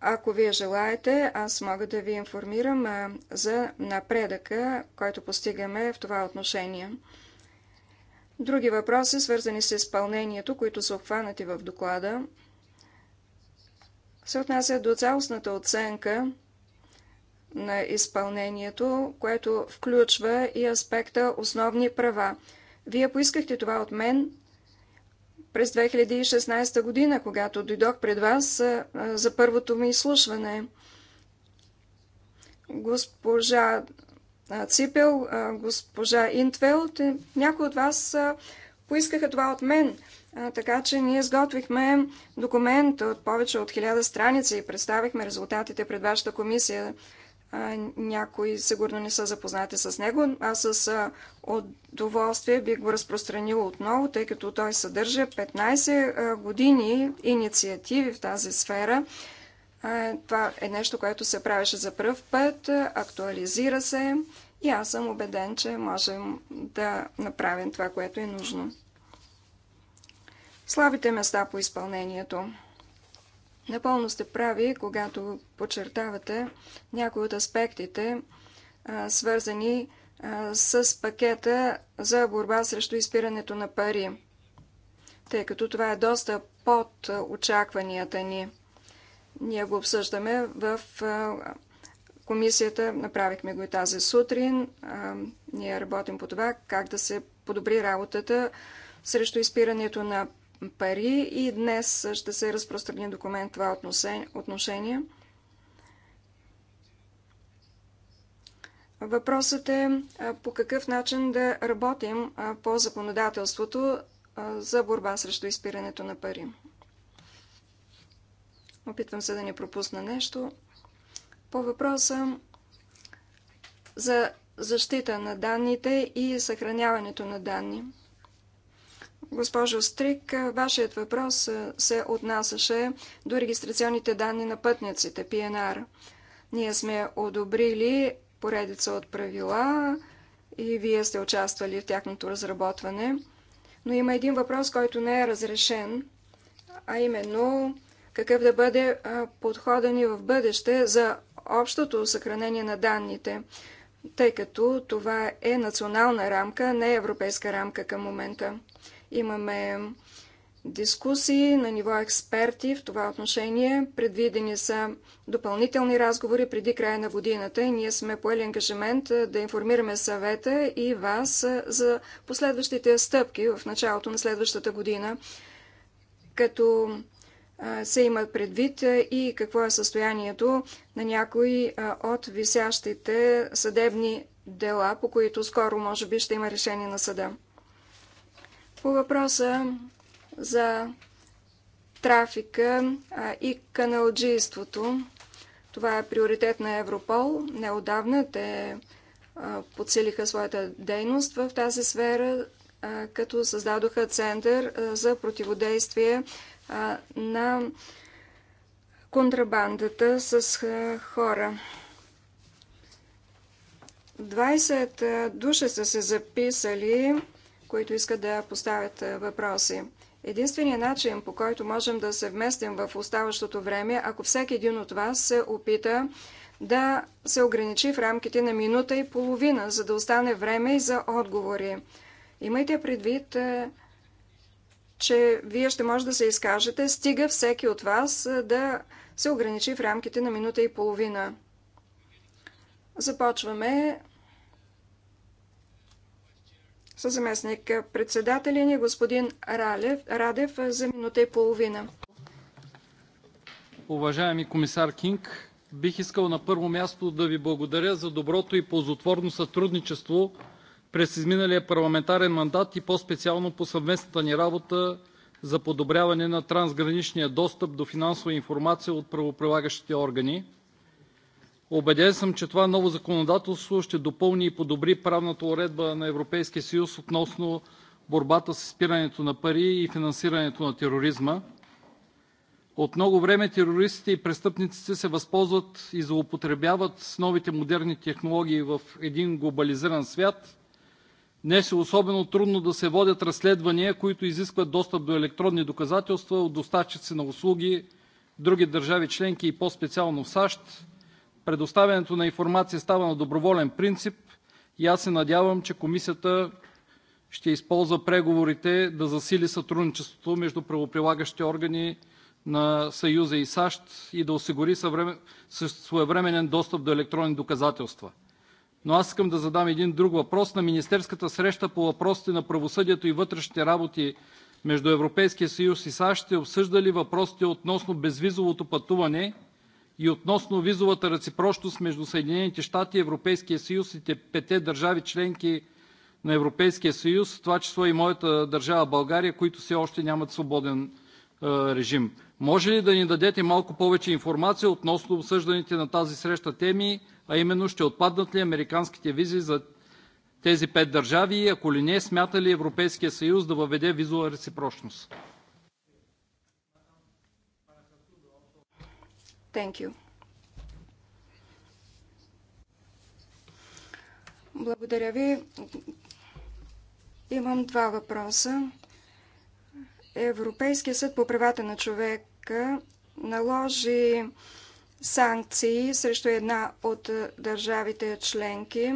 Ако вие желаете, аз мога да ви информирам за напредъка, който постигаме в това отношение. Други въпроси, свързани с изпълнението, които са обхванати в доклада, се отнасят до цялостната оценка на изпълнението, което включва и аспекта основни права. Вие поискахте това от мен през 2016 година, когато дойдох пред вас за първото ми изслушване. Госпожа Ципел, госпожа Интвелт, е, някои от вас поискаха това от мен. Така че ние изготвихме документ от повече от хиляда страници и представихме резултатите пред вашата комисия някои сигурно не са запознати с него. Аз с удоволствие бих го разпространил отново, тъй като той съдържа 15 години инициативи в тази сфера. Това е нещо, което се правеше за пръв път, актуализира се и аз съм убеден, че можем да направим това, което е нужно. Слабите места по изпълнението – Напълно сте прави, когато подчертавате някои от аспектите, свързани с пакета за борба срещу изпирането на пари, тъй като това е доста под очакванията ни. Ние го обсъждаме в комисията, направихме го и тази сутрин. Ние работим по това как да се подобри работата срещу изпирането на пари и днес ще се разпространи документ това отношение. Въпросът е по какъв начин да работим по законодателството за борба срещу изпирането на пари. Опитвам се да не пропусна нещо. По въпроса за защита на данните и съхраняването на данни. Госпожо Стрик, вашият въпрос се отнасяше до регистрационните данни на пътниците, ПНР. Ние сме одобрили поредица от правила и вие сте участвали в тяхното разработване. Но има един въпрос, който не е разрешен, а именно какъв да бъде подхода ни в бъдеще за общото съхранение на данните, тъй като това е национална рамка, не европейска рамка към момента. Имаме дискусии на ниво експерти в това отношение. Предвидени са допълнителни разговори преди края на годината и ние сме поели ангажимент да информираме съвета и вас за последващите стъпки в началото на следващата година, като се има предвид и какво е състоянието на някои от висящите съдебни дела, по които скоро може би ще има решение на съда. По въпроса за трафика и каналджийството, това е приоритет на Европол. Неодавна те подсилиха своята дейност в тази сфера, като създадоха център за противодействие на контрабандата с хора. 20 души са се записали които искат да поставят въпроси. Единственият начин, по който можем да се вместим в оставащото време, ако всеки един от вас се опита да се ограничи в рамките на минута и половина, за да остане време и за отговори. Имайте предвид, че вие ще може да се изкажете, стига всеки от вас да се ограничи в рамките на минута и половина. Започваме със заместник председателя ни е господин Ралев, Радев за минута и половина. Уважаеми комисар Кинг, бих искал на първо място да ви благодаря за доброто и ползотворно сътрудничество през изминалия парламентарен мандат и по-специално по съвместната ни работа за подобряване на трансграничния достъп до финансова информация от правоприлагащите органи. Убеден съм, че това ново законодателство ще допълни и подобри правната уредба на Европейския съюз относно борбата с изпирането на пари и финансирането на тероризма. От много време терористите и престъпниците се възползват и злоупотребяват с новите модерни технологии в един глобализиран свят. Днес е особено трудно да се водят разследвания, които изискват достъп до електронни доказателства от доставчици на услуги в други държави членки и по-специално в САЩ, Предоставянето на информация става на доброволен принцип и аз се надявам, че Комисията ще използва преговорите да засили сътрудничеството между правоприлагащите органи на Съюза и САЩ и да осигури своевременен достъп до електронни доказателства. Но аз искам да задам един друг въпрос. На министерската среща по въпросите на правосъдието и вътрешните работи между Европейския съюз и САЩ ще обсъждали въпросите относно безвизовото пътуване и относно визовата реципрочност между Съединените щати, Европейския съюз и петте държави – членки на Европейския съюз, в това число и моята държава България, които все още нямат свободен е, режим. Може ли да ни дадете малко повече информация относно обсъжданите на тази среща теми, а именно ще отпаднат ли американските визи за тези пет държави и ако ли не, смята ли Европейския съюз да въведе визова реципрочност? Thank you. Благодаря ви. Имам два въпроса. Европейския съд по правата на човека наложи санкции срещу една от държавите членки.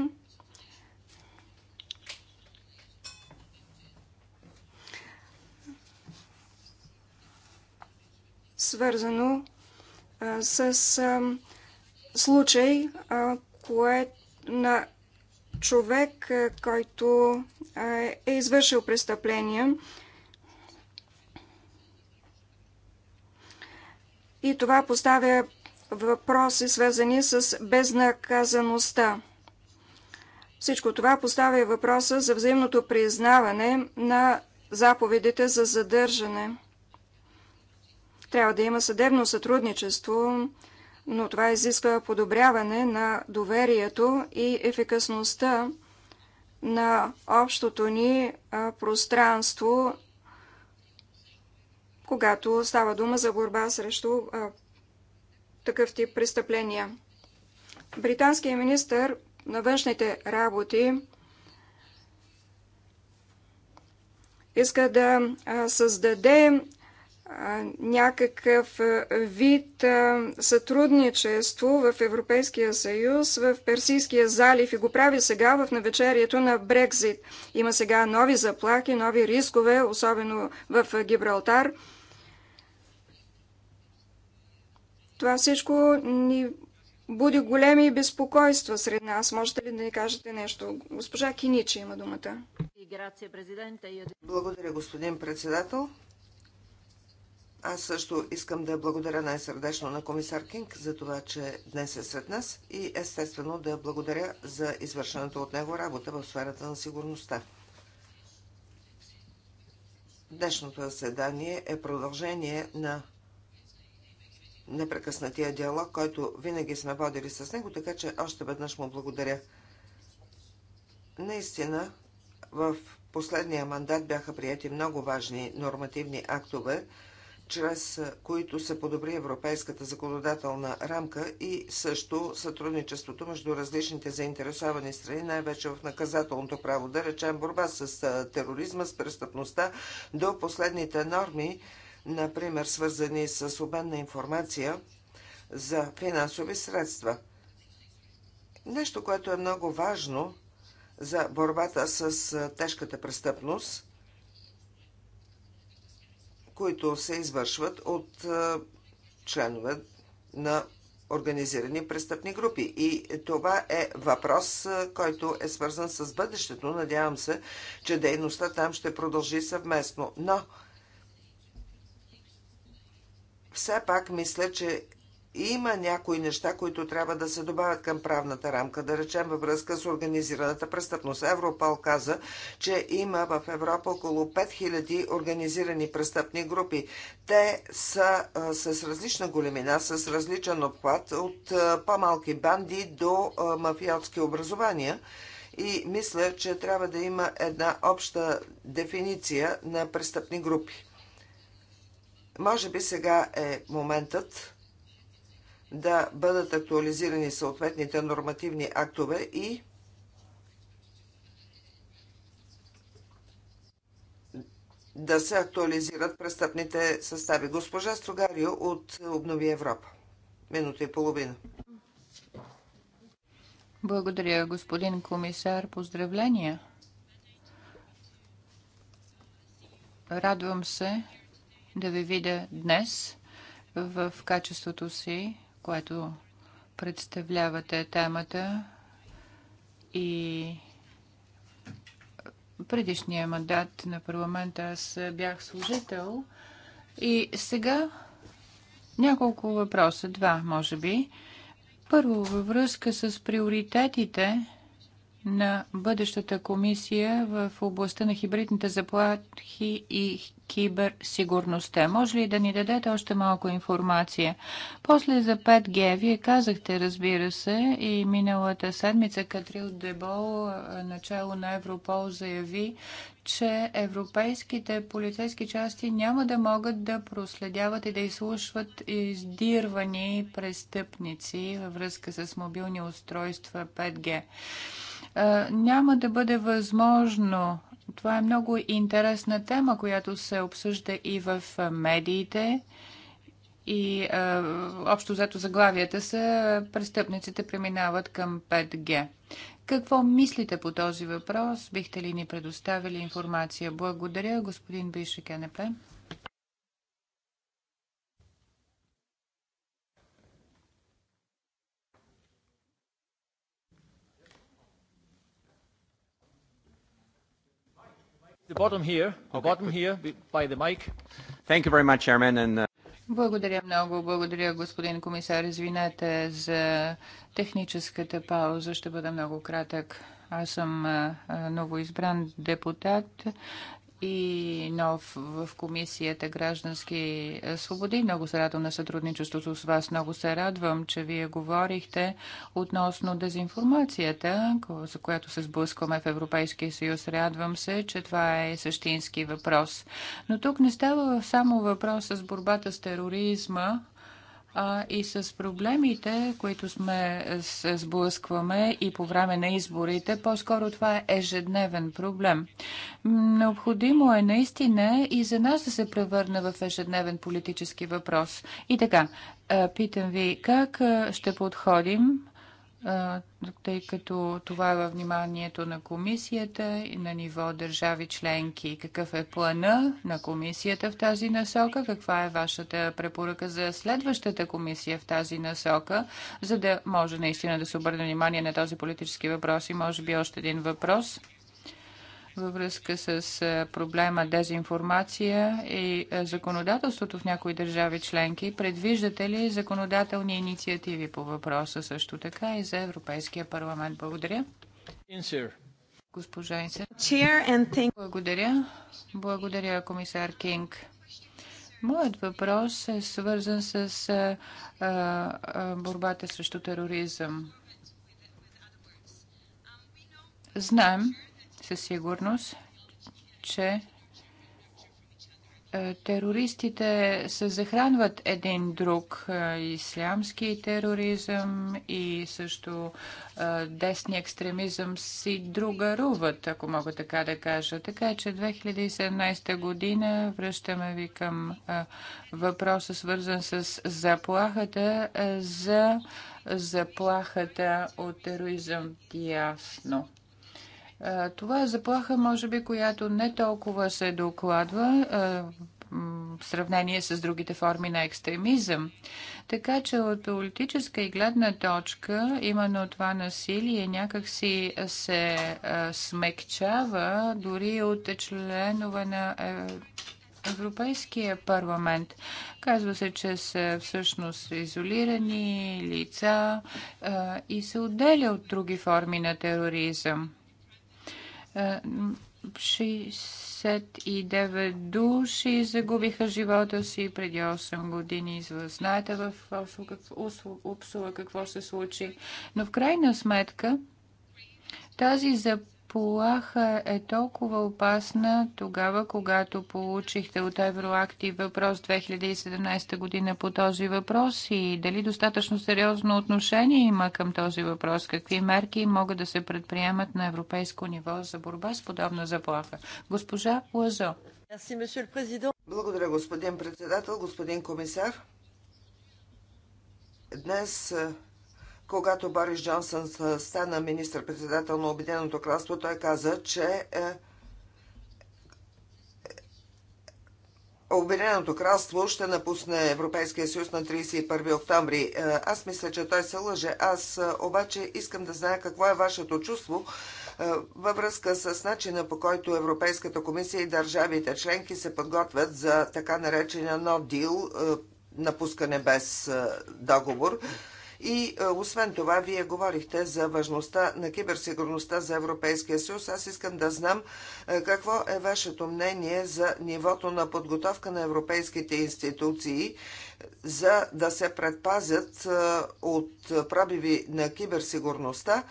Свързано с случай кое, на човек, който е извършил престъпление. И това поставя въпроси, свързани с безнаказаността. Всичко това поставя въпроса за взаимното признаване на заповедите за задържане. Трябва да има съдебно сътрудничество, но това изисква подобряване на доверието и ефикасността на общото ни пространство, когато става дума за борба срещу такъв тип престъпления. Британският министр на външните работи иска да създаде някакъв вид сътрудничество в Европейския съюз, в Персийския залив и го прави сега в навечерието на Брекзит. Има сега нови заплахи, нови рискове, особено в Гибралтар. Това всичко ни буди големи безпокойства сред нас. Можете ли да ни кажете нещо? Госпожа Киничи има думата. Благодаря, господин председател. Аз също искам да благодаря най-сърдечно на комисар Кинг за това, че днес е сред нас и естествено да благодаря за извършената от него работа в сферата на сигурността. Днешното заседание е продължение на непрекъснатия диалог, който винаги сме водили с него, така че още веднъж му благодаря. Наистина, в последния мандат бяха прияти много важни нормативни актове, чрез които се подобри европейската законодателна рамка и също сътрудничеството между различните заинтересовани страни, най-вече в наказателното право, да речем борба с тероризма, с престъпността, до последните норми, например свързани с обмен на информация за финансови средства. Нещо, което е много важно за борбата с тежката престъпност – които се извършват от членове на организирани престъпни групи. И това е въпрос, който е свързан с бъдещето. Надявам се, че дейността там ще продължи съвместно. Но все пак мисля, че има някои неща, които трябва да се добавят към правната рамка, да речем във връзка с организираната престъпност. Европол каза, че има в Европа около 5000 организирани престъпни групи. Те са а, с различна големина, с различен обхват, от по-малки банди до а, мафиотски образования. И мисля, че трябва да има една обща дефиниция на престъпни групи. Може би сега е моментът да бъдат актуализирани съответните нормативни актове и да се актуализират престъпните състави. Госпожа Строгарио от Обнови Европа. Минута и половина. Благодаря, господин комисар. Поздравления. Радвам се да ви видя днес в качеството си което представлявате темата и предишния мандат на парламента аз бях служител и сега няколко въпроса, два може би. Първо, във връзка с приоритетите на бъдещата комисия в областта на хибридните заплахи и киберсигурността. Може ли да ни дадете още малко информация? После за 5G, вие казахте, разбира се, и миналата седмица Катрил Дебол, начало на Европол, заяви, че европейските полицейски части няма да могат да проследяват и да изслушват издирвани престъпници във връзка с мобилни устройства 5G. Е, няма да бъде възможно. Това е много интересна тема, която се обсъжда и в е, медиите. И е, общо взето заглавията са е, престъпниците преминават към 5G. Какво мислите по този въпрос? Бихте ли ни предоставили информация? Благодаря, господин Бишек НП. The bottom here, the bottom here, by the mic. Thank you very much, Chairman. And, uh... Благодаря много. Благодаря, господин комисар. Извинете за техническата пауза. Ще бъда много кратък. Аз съм новоизбран депутат и нов в комисията граждански свободи. Много се радвам на сътрудничеството с вас. Много се радвам, че вие говорихте относно дезинформацията, за която се сблъскваме в Европейския съюз. Радвам се, че това е същински въпрос. Но тук не става само въпрос с борбата с тероризма, а и с проблемите, които сме се сблъскваме и по време на изборите. По-скоро това е ежедневен проблем. Необходимо е наистина и за нас да се превърне в ежедневен политически въпрос. И така, питам ви, как ще подходим тъй като това е във вниманието на комисията и на ниво държави членки. Какъв е плана на комисията в тази насока? Каква е вашата препоръка за следващата комисия в тази насока, за да може наистина да се обърне внимание на този политически въпрос? И може би още един въпрос – във връзка с проблема дезинформация и законодателството в някои държави членки. Предвиждате ли законодателни инициативи по въпроса също така и за Европейския парламент? Благодаря. Госпожа Инсер. Благодаря. Благодаря, комисар Кинг. Моят въпрос е свързан с а, а, борбата срещу тероризъм. Знаем, със сигурност, че е, терористите се захранват един друг. Е, ислямски тероризъм и също е, десни екстремизъм си другаруват, ако мога така да кажа. Така че 2017 година връщаме ви към въпроса, свързан с заплахата за заплахата от тероризъм ясно. Това е заплаха, може би, която не толкова се докладва в сравнение с другите форми на екстремизъм. Така че от политическа и гледна точка именно това насилие някакси се смекчава дори от членове на е, Европейския парламент. Казва се, че са всъщност изолирани лица и се отделя от други форми на тероризъм. 69 е, души загубиха живота си преди 8 години. Знаете в Упсула какво се случи. Но в крайна сметка тази запазва Полаха е толкова опасна тогава, когато получихте от Евроакти въпрос 2017 година по този въпрос и дали достатъчно сериозно отношение има към този въпрос? Какви мерки могат да се предприемат на европейско ниво за борба с подобна заплаха? Госпожа Лазо. Благодаря, господин председател, господин комисар. Днес когато Борис Джонсън стана министр-председател на Обединеното кралство, той каза, че е, Обединеното кралство ще напусне Европейския съюз на 31 октомври. Е, аз мисля, че той се лъже. Аз е, обаче искам да зная какво е вашето чувство във връзка с начина по който Европейската комисия и държавите членки се подготвят за така наречения no deal, напускане без договор. И е, освен това, вие говорихте за важността на киберсигурността за Европейския съюз. Аз искам да знам е, какво е вашето мнение за нивото на подготовка на европейските институции е, за да се предпазят от пробиви на киберсигурността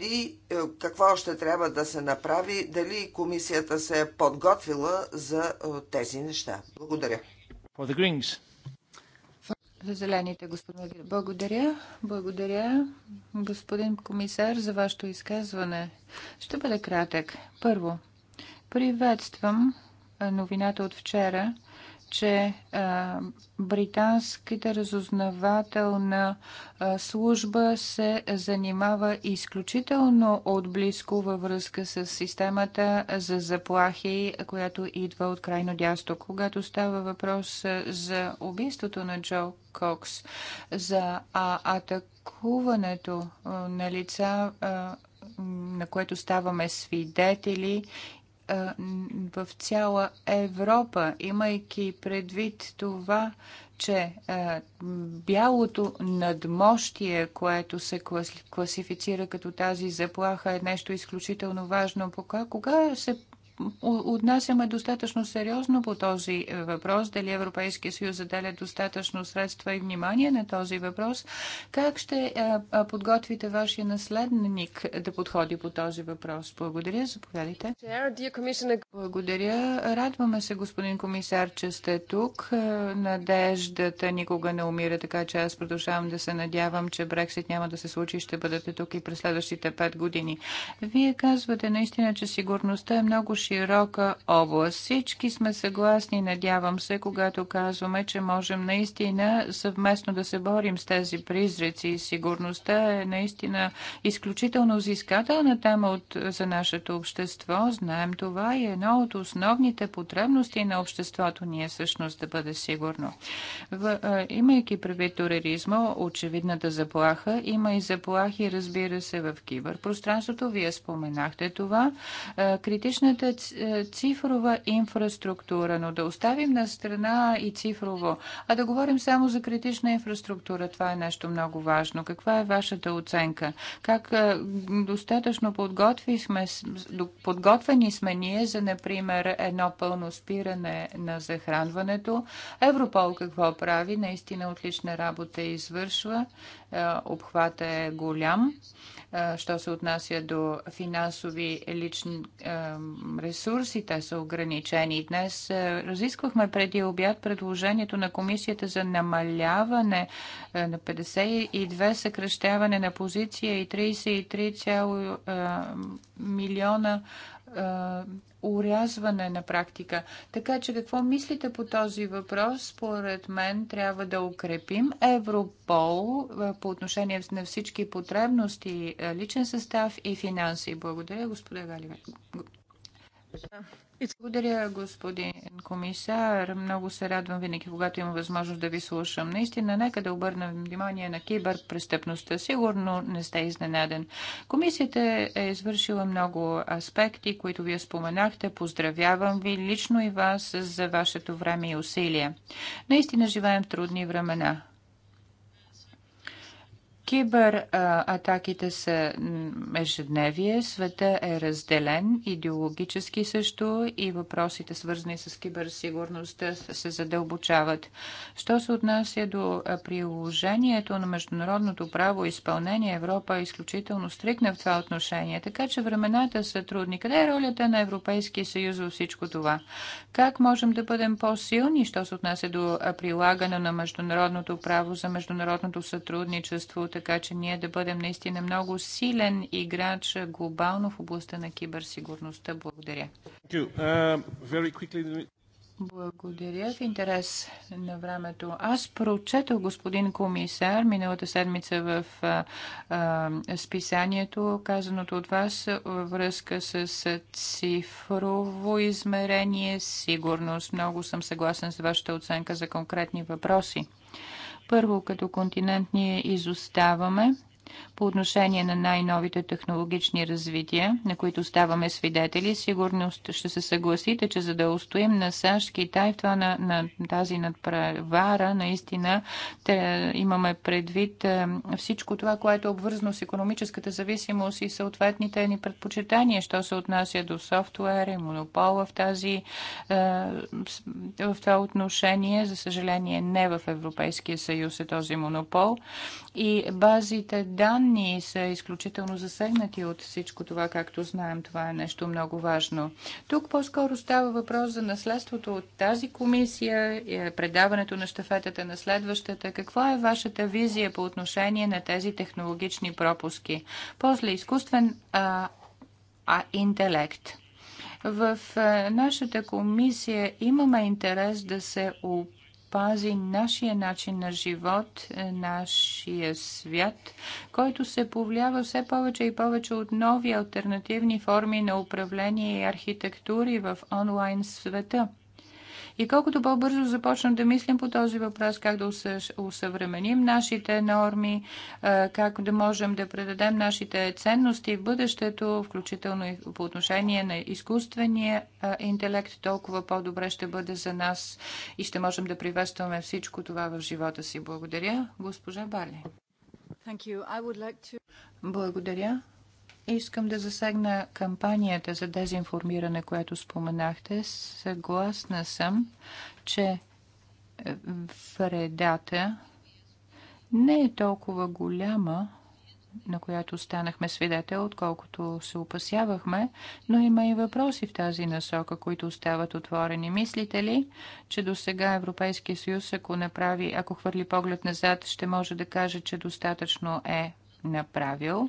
и какво още трябва да се направи, дали комисията се е подготвила за тези неща. Благодаря. За зелените, господин. Благодаря. Благодаря, господин комисар, за вашето изказване. Ще бъде кратък. Първо, приветствам новината от вчера – че е, британската разузнавателна е, служба се занимава изключително отблизко във връзка с системата за заплахи, която идва от крайно дясто. Когато става въпрос е, за убийството на Джо Кокс, за атакуването на лица, на което ставаме свидетели в цяла Европа, имайки предвид това, че бялото надмощие, което се класифицира като тази заплаха, е нещо изключително важно. кога се отнасяме достатъчно сериозно по този е, въпрос, дали Европейския съюз заделя достатъчно средства и внимание на този въпрос. Как ще е, подготвите вашия наследник да подходи по този въпрос? Благодаря, заповядайте. Благодаря. Радваме се, господин комисар, че сте тук. Е, надеждата никога не умира, така че аз продължавам да се надявам, че Брексит няма да се случи и ще бъдете тук и през следващите пет години. Вие казвате наистина, че сигурността е много широка област. Всички сме съгласни, надявам се, когато казваме, че можем наистина съвместно да се борим с тези призраци. Сигурността е наистина изключително взискателна тема от, за нашето общество. Знаем това и е едно от основните потребности на обществото ни е всъщност да бъде сигурно. В, а, имайки предвид тероризма, очевидната заплаха, има и заплахи, разбира се, в киберпространството. Вие споменахте това. критичната е, цифрова инфраструктура, но да оставим на страна и цифрово, а да говорим само за критична инфраструктура. Това е нещо много важно. Каква е вашата оценка? Как е, достатъчно подготвихме, подготвени сме ние за, например, едно пълно спиране на захранването? Европол какво прави? Наистина отлична работа е извършва. Обхвата е голям що се отнася до финансови лични ресурсите са ограничени. Днес е, разисквахме преди обяд предложението на комисията за намаляване е, на 52 съкръщаване на позиция и 33, е, милиона урязване на практика. Така че какво мислите по този въпрос? Според мен трябва да укрепим Европол по отношение на всички потребности, личен състав и финанси. Благодаря, господа Галивер. Благодаря, господин комисар. Много се радвам винаги, когато имам възможност да ви слушам. Наистина, нека да обърнем внимание на киберпрестъпността. Сигурно не сте изненаден. Комисията е извършила много аспекти, които вие споменахте. Поздравявам ви лично и вас за вашето време и усилия. Наистина живеем в трудни времена. Кибератаките са ежедневие, света е разделен, идеологически също и въпросите свързани с киберсигурността се задълбочават. Що се отнася до приложението на международното право и изпълнение, Европа е изключително стрикна в това отношение, така че времената са трудни. Къде е ролята на Европейския съюз във всичко това? Как можем да бъдем по-силни, що се отнася до прилагане на международното право за международното сътрудничество? така че ние да бъдем наистина много силен играч глобално в областта на киберсигурността. Благодаря. Uh, Благодаря в интерес на времето. Аз прочетох господин комисар миналата седмица в а, а, списанието, казаното от вас във връзка с цифрово измерение сигурност. Много съм съгласен с вашата оценка за конкретни въпроси. Първо, като континент ние изоставаме по отношение на най-новите технологични развития, на които ставаме свидетели, сигурно ще се съгласите, че за да устоим на САЩ, Китай, това на, на тази надпревара, наистина те, имаме предвид е, всичко това, което е обвързано с економическата зависимост и съответните ни предпочитания, що се отнася до софтуер и монопола в тази е, в това отношение. За съжаление, не в Европейския съюз е този монопол. И базите данни са изключително засегнати от всичко това, както знаем. Това е нещо много важно. Тук по-скоро става въпрос за наследството от тази комисия, е, предаването на щафетата на следващата. Каква е вашата визия по отношение на тези технологични пропуски? После изкуствен а, а, интелект. В е, нашата комисия имаме интерес да се опитаме опази нашия начин на живот, е, нашия свят, който се повлиява все повече и повече от нови альтернативни форми на управление и архитектури в онлайн света – и колкото по-бързо започнем да мислим по този въпрос, как да усъвременим нашите норми, как да можем да предадем нашите ценности в бъдещето, включително и по отношение на изкуствения интелект, толкова по-добре ще бъде за нас и ще можем да приветстваме всичко това в живота си. Благодаря, госпожа Бали. Благодаря. Искам да засегна кампанията за дезинформиране, която споменахте. Съгласна съм, че е, вредата не е толкова голяма, на която станахме свидетел, отколкото се опасявахме, но има и въпроси в тази насока, които остават отворени. Мислите ли, че до сега Европейския съюз, ако направи, ако хвърли поглед назад, ще може да каже, че достатъчно е направил?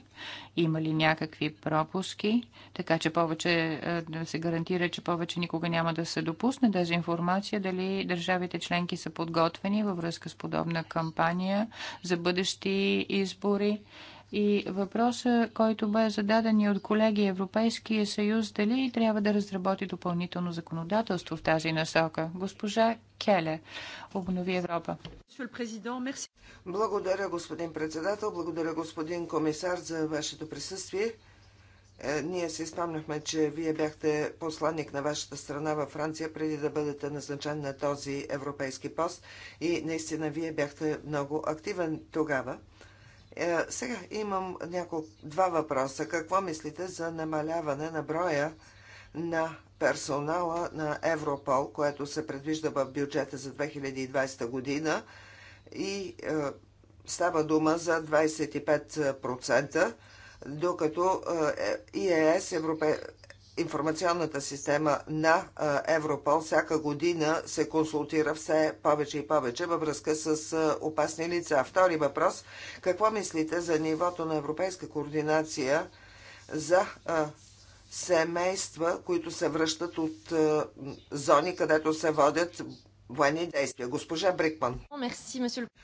Има ли някакви пропуски? Така че повече е, да се гарантира, че повече никога няма да се допусне тази информация, дали държавите членки са подготвени във връзка с подобна кампания за бъдещи избори и въпроса, който бе зададен и от колеги Европейския съюз, дали трябва да разработи допълнително законодателство в тази насока. Госпожа Келе, Обнови Европа. Благодаря, господин председател. Благодаря, господин комисар, за вашето присъствие. Е, ние си спомняхме, че вие бяхте посланник на вашата страна във Франция преди да бъдете назначен на този европейски пост и наистина вие бяхте много активен тогава. Е, сега имам няколко, два въпроса. Какво мислите за намаляване на броя на персонала на Европол, което се предвижда в бюджета за 2020 година и е, става дума за 25%, докато е, ИЕС, е, Европе информационната система на Европол всяка година се консултира все повече и повече във връзка с опасни лица. Втори въпрос. Какво мислите за нивото на европейска координация за семейства, които се връщат от зони, където се водят военни действия. Госпожа Брикман.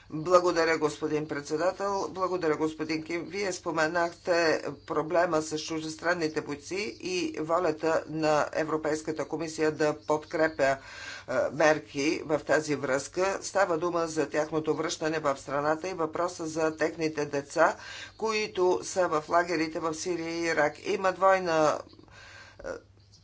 Благодаря, господин председател. Благодаря, господин Ким. Вие споменахте проблема с чужестранните бойци и волята на Европейската комисия да подкрепя е, мерки в тази връзка. Става дума за тяхното връщане в страната и въпроса за техните деца, които са в лагерите в Сирия и Ирак. Има двойна е,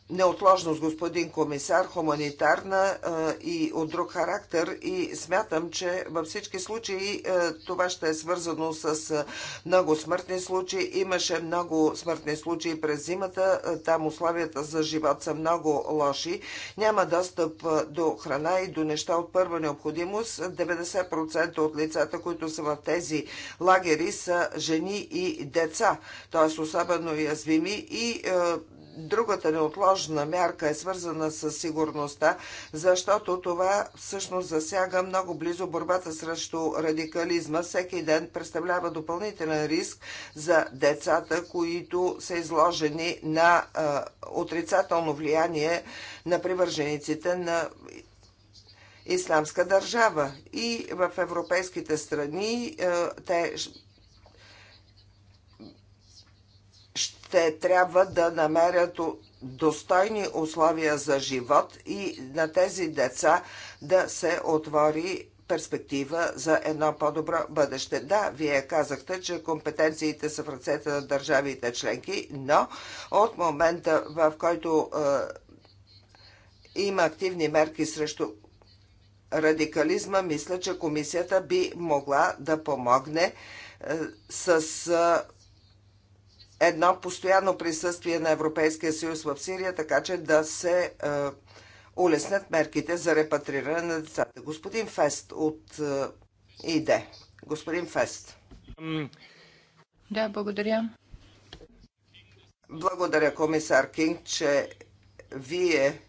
неотложност, господин комисар, хуманитарна и от друг характер и смятам, че във всички случаи това ще е свързано с много смъртни случаи. Имаше много смъртни случаи през зимата, там условията за живот са много лоши. Няма достъп до храна и до неща от първа необходимост. 90% от лицата, които са в тези лагери са жени и деца, т.е. особено язвими и Другата неотложна мярка е свързана с сигурността, защото това всъщност засяга много близо борбата срещу радикализма. Всеки ден представлява допълнителен риск за децата, които са изложени на а, отрицателно влияние на привържениците на исламска държава. И в европейските страни те те трябва да намерят достойни условия за живот и на тези деца да се отвори перспектива за едно по-добро бъдеще. Да, вие казахте, че компетенциите са в ръцете на държавите членки, но от момента, в който е, има активни мерки срещу радикализма, мисля, че комисията би могла да помогне е, с. Е, едно постоянно присъствие на Европейския съюз в Сирия, така че да се е, улеснят мерките за репатриране на децата. Господин Фест от е, ИДЕ. Господин Фест. Да, благодаря. Благодаря, комисар Кинг, че вие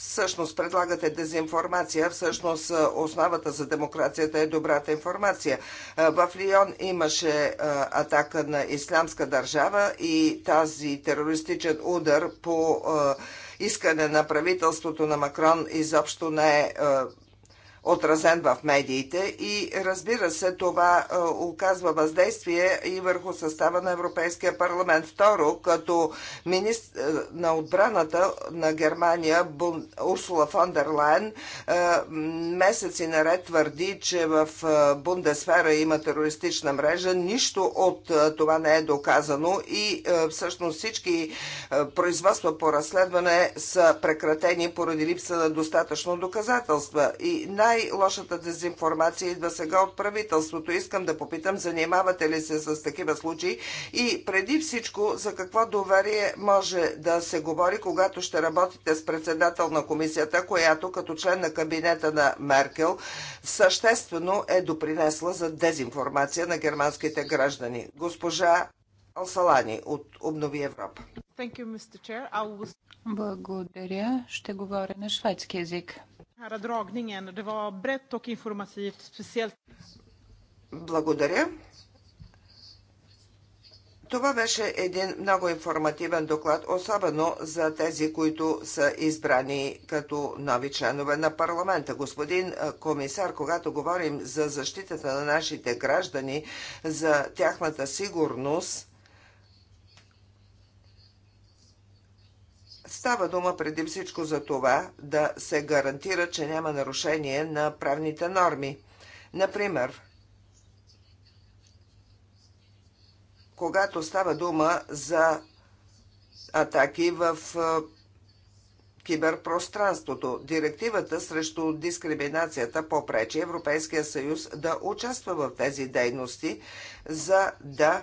всъщност предлагате дезинформация, всъщност основата за демокрацията е добрата информация. В Лион имаше атака на ислямска държава и тази терористичен удар по искане на правителството на Макрон изобщо не е отразен в медиите и разбира се, това е, оказва въздействие и върху състава на Европейския парламент. Второ, като министр е, на отбраната на Германия Урсула фон дер Лайн е, месеци наред твърди, че в Бундесфера има терористична мрежа. Нищо от това не е доказано и всъщност всички производства по разследване са прекратени поради липса на достатъчно доказателства. И най- най-лошата дезинформация идва сега от правителството. Искам да попитам, занимавате ли се с такива случаи и преди всичко за какво доверие може да се говори, когато ще работите с председател на комисията, която като член на кабинета на Меркел съществено е допринесла за дезинформация на германските граждани. Госпожа Алсалани от Обнови Европа. Благодаря. Ще говоря на шведски язик. Благодаря. Това беше един много информативен доклад, особено за тези, които са избрани като нови членове на парламента. Господин комисар, когато говорим за защитата на нашите граждани, за тяхната сигурност, Става дума преди всичко за това да се гарантира, че няма нарушение на правните норми. Например, когато става дума за атаки в киберпространството. Директивата срещу дискриминацията попречи Европейския съюз да участва в тези дейности, за да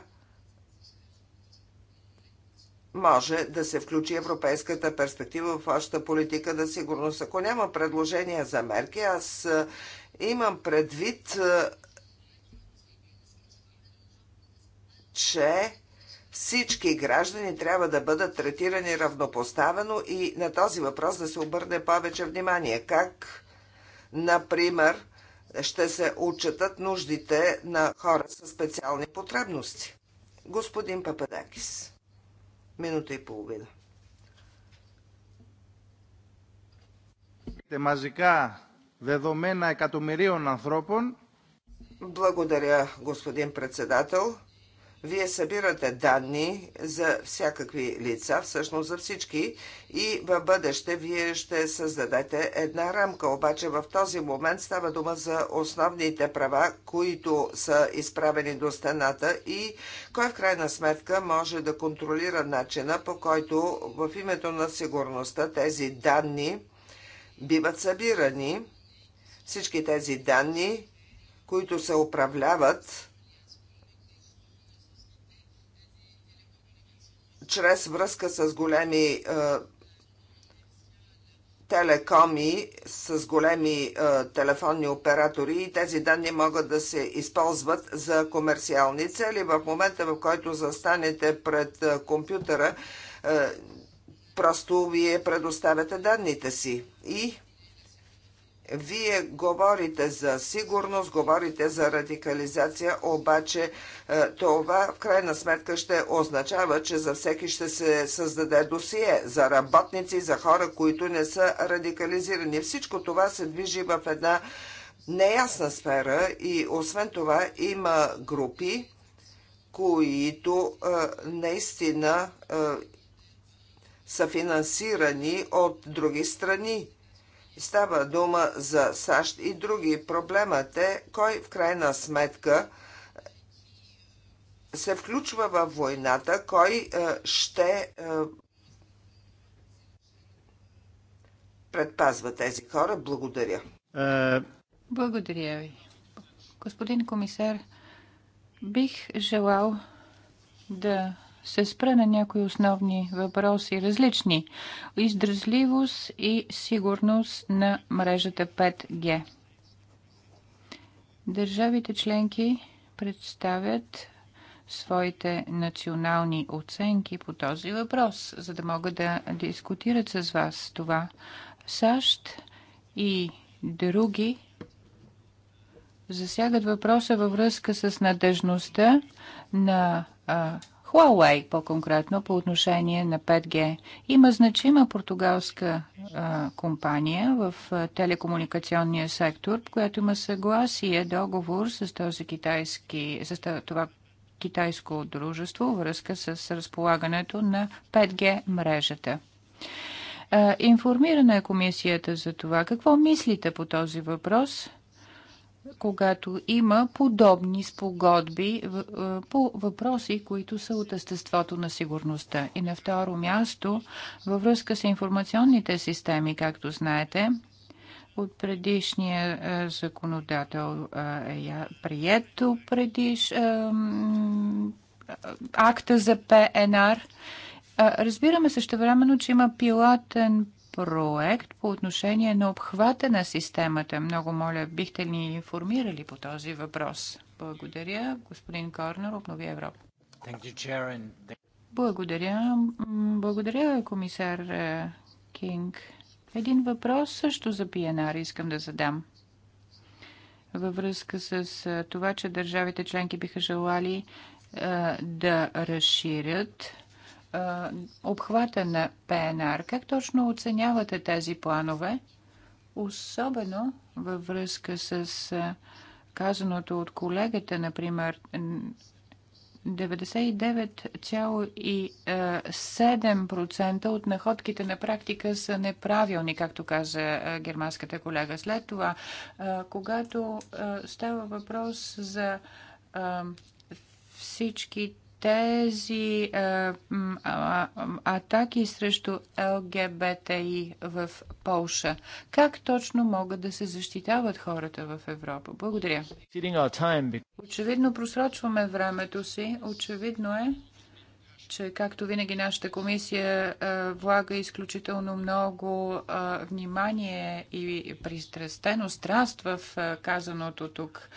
може да се включи европейската перспектива в вашата политика за сигурност. Ако няма предложения за мерки, аз е, имам предвид, е, че всички граждани трябва да бъдат третирани равнопоставено и на този въпрос да се обърне повече внимание. Как, например, ще се отчетат нуждите на хора с специални потребности? Господин Пападакис минута и половина. Μαζικά δεδομένα εκατομμυρίων ανθρώπων. Благодаря, господин председател. Вие събирате данни за всякакви лица, всъщност за всички, и в бъдеще вие ще създадете една рамка. Обаче в този момент става дума за основните права, които са изправени до стената и кой в крайна сметка може да контролира начина, по който в името на сигурността тези данни биват събирани. Всички тези данни, които се управляват, чрез връзка с големи е, телекоми, с големи е, телефонни оператори и тези данни могат да се използват за комерциални цели. В момента, в който застанете пред е, компютъра, е, просто вие предоставяте данните си и вие говорите за сигурност, говорите за радикализация, обаче е, това в крайна сметка ще означава, че за всеки ще се създаде досие за работници, за хора, които не са радикализирани. Всичко това се движи в една неясна сфера и освен това има групи, които е, наистина е, са финансирани от други страни. Става дума за САЩ и други. Проблемът е кой в крайна сметка се включва в войната, кой е, ще е, предпазва тези хора. Благодаря. Е, Благодаря ви. Господин комисар, бих желал да се спра на някои основни въпроси, различни издръзливост и сигурност на мрежата 5G. Държавите членки представят своите национални оценки по този въпрос, за да могат да дискутират с вас това. САЩ и други засягат въпроса във връзка с надежността на а, Huawei по-конкретно по отношение на 5G. Има значима португалска а, компания в телекомуникационния сектор, която има съгласие договор с този китайски, с това китайско дружество връзка с разполагането на 5G мрежата. Информирана е комисията за това. Какво мислите по този въпрос? когато има подобни спогодби е, по въпроси, които са от естеството на сигурността. И на второ място, във връзка с информационните системи, както знаете, от предишния е, законодател е прието предиш е, акта за ПНР. Разбираме също времено, че има пилотен проект по отношение на обхвата на системата. Много моля, бихте ни информирали по този въпрос? Благодаря. Господин Корнер, обнови Европа. Благодаря. Благодаря, комисар е, Кинг. Един въпрос също за ПНР искам да задам. Във връзка с е, това, че държавите членки биха желали е, да разширят обхвата на ПНР. Как точно оценявате тези планове, особено във връзка с казаното от колегата, например, 99,7% от находките на практика са неправилни, както каза германската колега. След това, когато става въпрос за всички тези е, а, а, атаки срещу ЛГБТИ в Полша? Как точно могат да се защитават хората в Европа? Благодаря. Очевидно просрочваме времето си. Очевидно е, че както винаги нашата комисия влага изключително много внимание и пристрастено страст в казаното тук.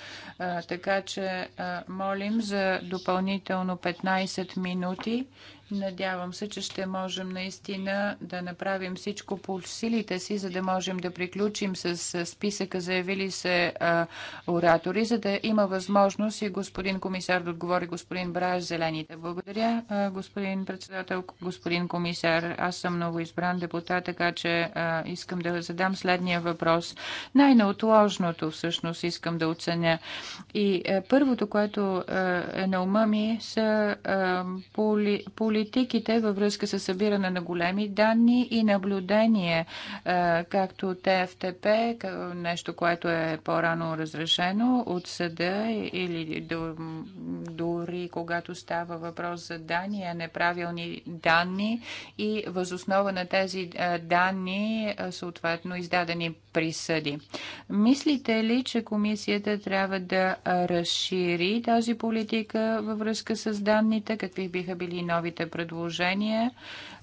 Така че молим за допълнително 15 минути Надявам се, че ще можем наистина да направим всичко по силите си, за да можем да приключим с списъка заявили се а, оратори, за да има възможност и господин комисар да отговори господин Браш Зелените. Благодаря, а, господин председател, господин комисар. Аз съм избран депутат, така че а, искам да задам следния въпрос. най наотложното всъщност искам да оценя. И а, първото, което а, е на ума ми, са а, поли, поли политиките във връзка с събиране на големи данни и наблюдение, както ТФТП, нещо, което е по-рано разрешено от съда или дори когато става въпрос за а неправилни данни и възоснова на тези данни съответно издадени присъди. Мислите ли, че комисията трябва да разшири тази политика във връзка с данните? Какви биха били новите вашите предложения,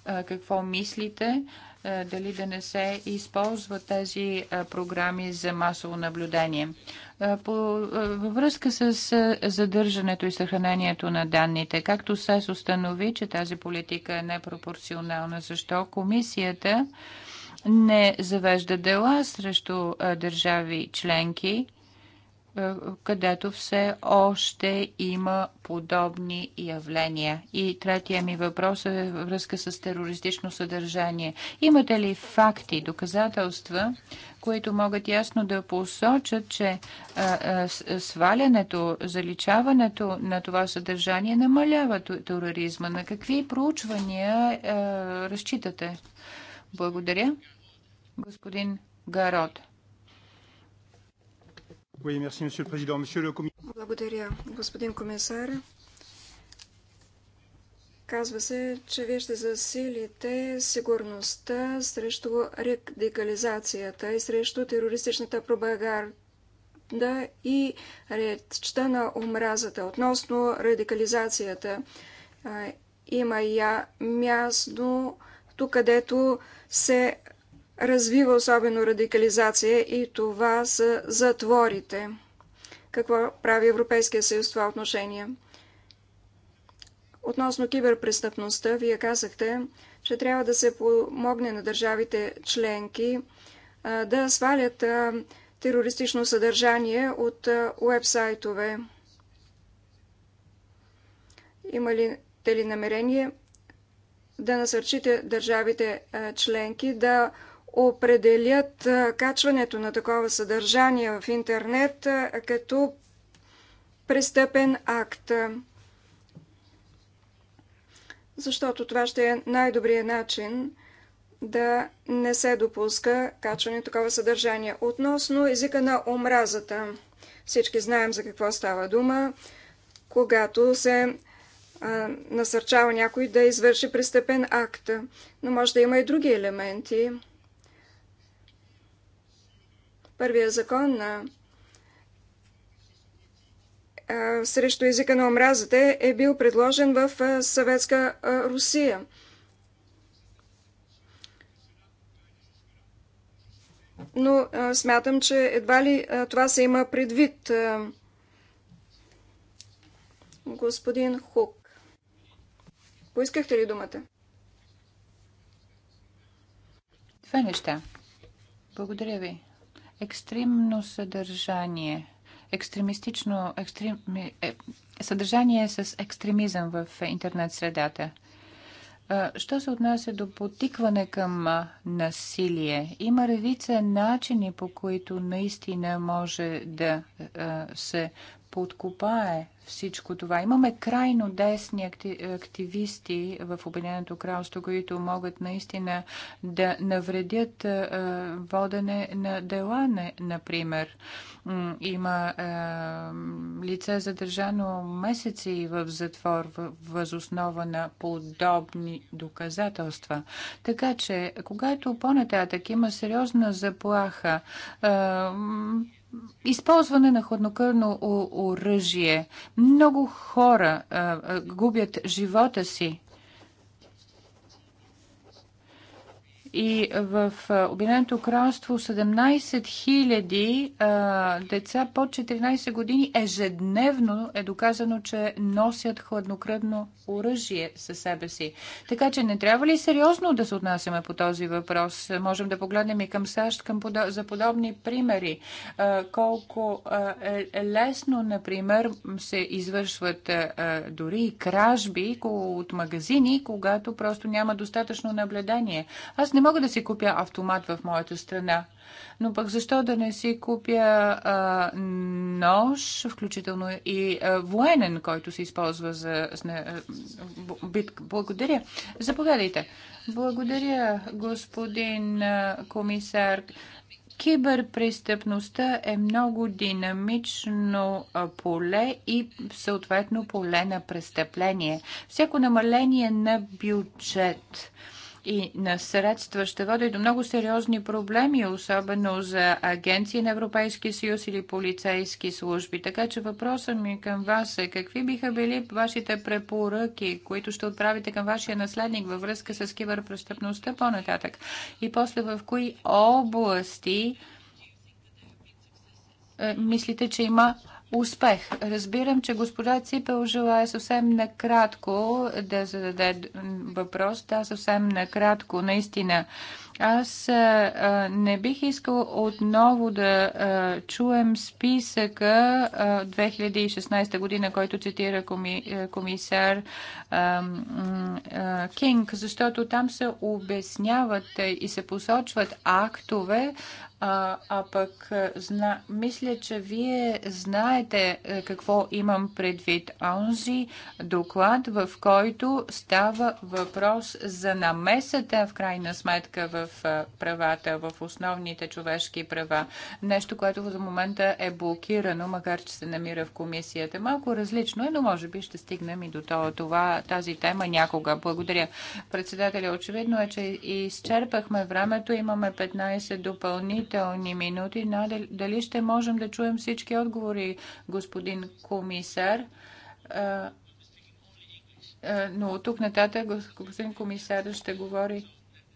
какво мислите, дали да не се използват тези програми за масово наблюдение. По, във връзка с задържането и съхранението на данните, както се установи, че тази политика е непропорционална, защо комисията не завежда дела срещу държави членки, е, където все още има подобни явления. И третия ми въпрос е връзка с терористично съдържание. Имате ли факти, доказателства, които могат ясно да посочат, че а, е, а, е, свалянето, заличаването на това съдържание намалява тероризма? На какви проучвания а, разчитате? Благодаря. Господин Гарот. Благодаря, господин комисар. Казва се, че вие ще засилите сигурността срещу радикализацията и срещу терористичната пропаганда и речта на омразата. Относно радикализацията, има я място, тук където се развива особено радикализация и това са затворите. Какво прави Европейския съюз в това отношение? Относно киберпрестъпността, вие казахте, че трябва да се помогне на държавите членки да свалят терористично съдържание от уебсайтове. Има ли те ли намерение да насърчите държавите членки да определят качването на такова съдържание в интернет като престъпен акт. Защото това ще е най-добрият начин да не се допуска качване на такова съдържание. Относно езика на омразата. Всички знаем за какво става дума, когато се а, насърчава някой да извърши престъпен акт. Но може да има и други елементи – Първия закон на срещу езика на омразата е бил предложен в съветска Русия. Но смятам, че едва ли това се има предвид. Господин Хук, поискахте ли думата? Две неща. Благодаря ви екстремно съдържание, екстремистично екстрем, е, съдържание с екстремизъм в интернет средата. Що се отнася до потикване към насилие, има редица начини, по които наистина може да се подкопае всичко това. Имаме крайно десни активисти в Обединеното кралство, които могат наистина да навредят водене на дела, например. Има лице задържано месеци в затвор възоснова на подобни доказателства. Така че, когато по-нататък има сериозна заплаха, използване на хладнокърно оръжие. Много хора а, губят живота си и в Обединеното кралство 17 000 деца под 14 години ежедневно е доказано, че носят хладнокръвно оръжие със себе си. Така че не трябва ли сериозно да се отнасяме по този въпрос? Можем да погледнем и към САЩ към подо... за подобни примери. Колко е, е лесно, например, се извършват дори и кражби от магазини, когато просто няма достатъчно наблюдение. Аз не мога да си купя автомат в моята страна. Но пък защо да не си купя а, нож, включително и а, военен, който се използва за а, битка? Благодаря. Заповядайте. Благодаря, господин а, комисар. Киберпрестъпността е много динамично поле и съответно поле на престъпление. Всяко намаление на бюджет – и на средства ще води до много сериозни проблеми, особено за агенции на Европейския съюз или полицейски служби. Така че въпросът ми към вас е какви биха били вашите препоръки, които ще отправите към вашия наследник във връзка с киберпрестъпността по-нататък? И после в кои области е, мислите, че има успех. Разбирам, че госпожа Ципел желая съвсем накратко да зададе въпрос. Да, съвсем накратко, наистина. Аз а, не бих искал отново да а, чуем списъка а, 2016 година, който цитира коми, комисар а, а, Кинг, защото там се обясняват и се посочват актове, а, а пък зна, мисля, че вие знаете е, какво имам предвид. Онзи доклад, в който става въпрос за намесата в крайна сметка в правата, в основните човешки права. Нещо, което за момента е блокирано, макар че се намира в комисията. Малко различно е, но може би ще стигнем и до това, тази тема някога. Благодаря. Председателя, очевидно е, че изчерпахме времето. Имаме 15 допълнителни допълнителни минути, но дали ще можем да чуем всички отговори, господин комисар? Но тук нататък господин комисар ще говори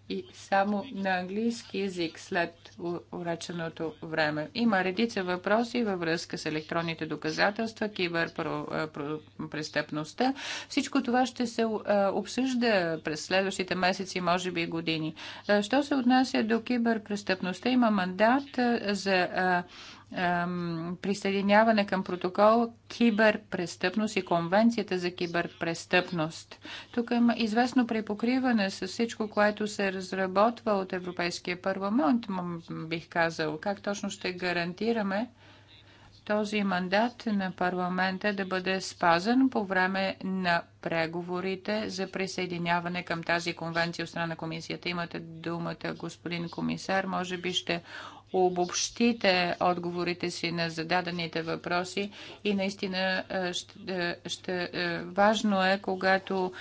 и само на английски язик след уреченото време. Има редица въпроси във връзка с електронните доказателства, киберпрестъпността. Всичко това ще се обсъжда през следващите месеци, може би години. Що се отнася до киберпрестъпността, има мандат за присъединяване към протокол киберпрестъпност и конвенцията за киберпрестъпност. Тук има известно препокриване с всичко, което се разработва от Европейския парламент, бих казал. Как точно ще гарантираме този мандат на парламента да бъде спазен по време на преговорите за присъединяване към тази конвенция от страна на комисията. Имате думата, господин комисар. Може би ще обобщите отговорите си на зададените въпроси и наистина ще, ще, важно е, когато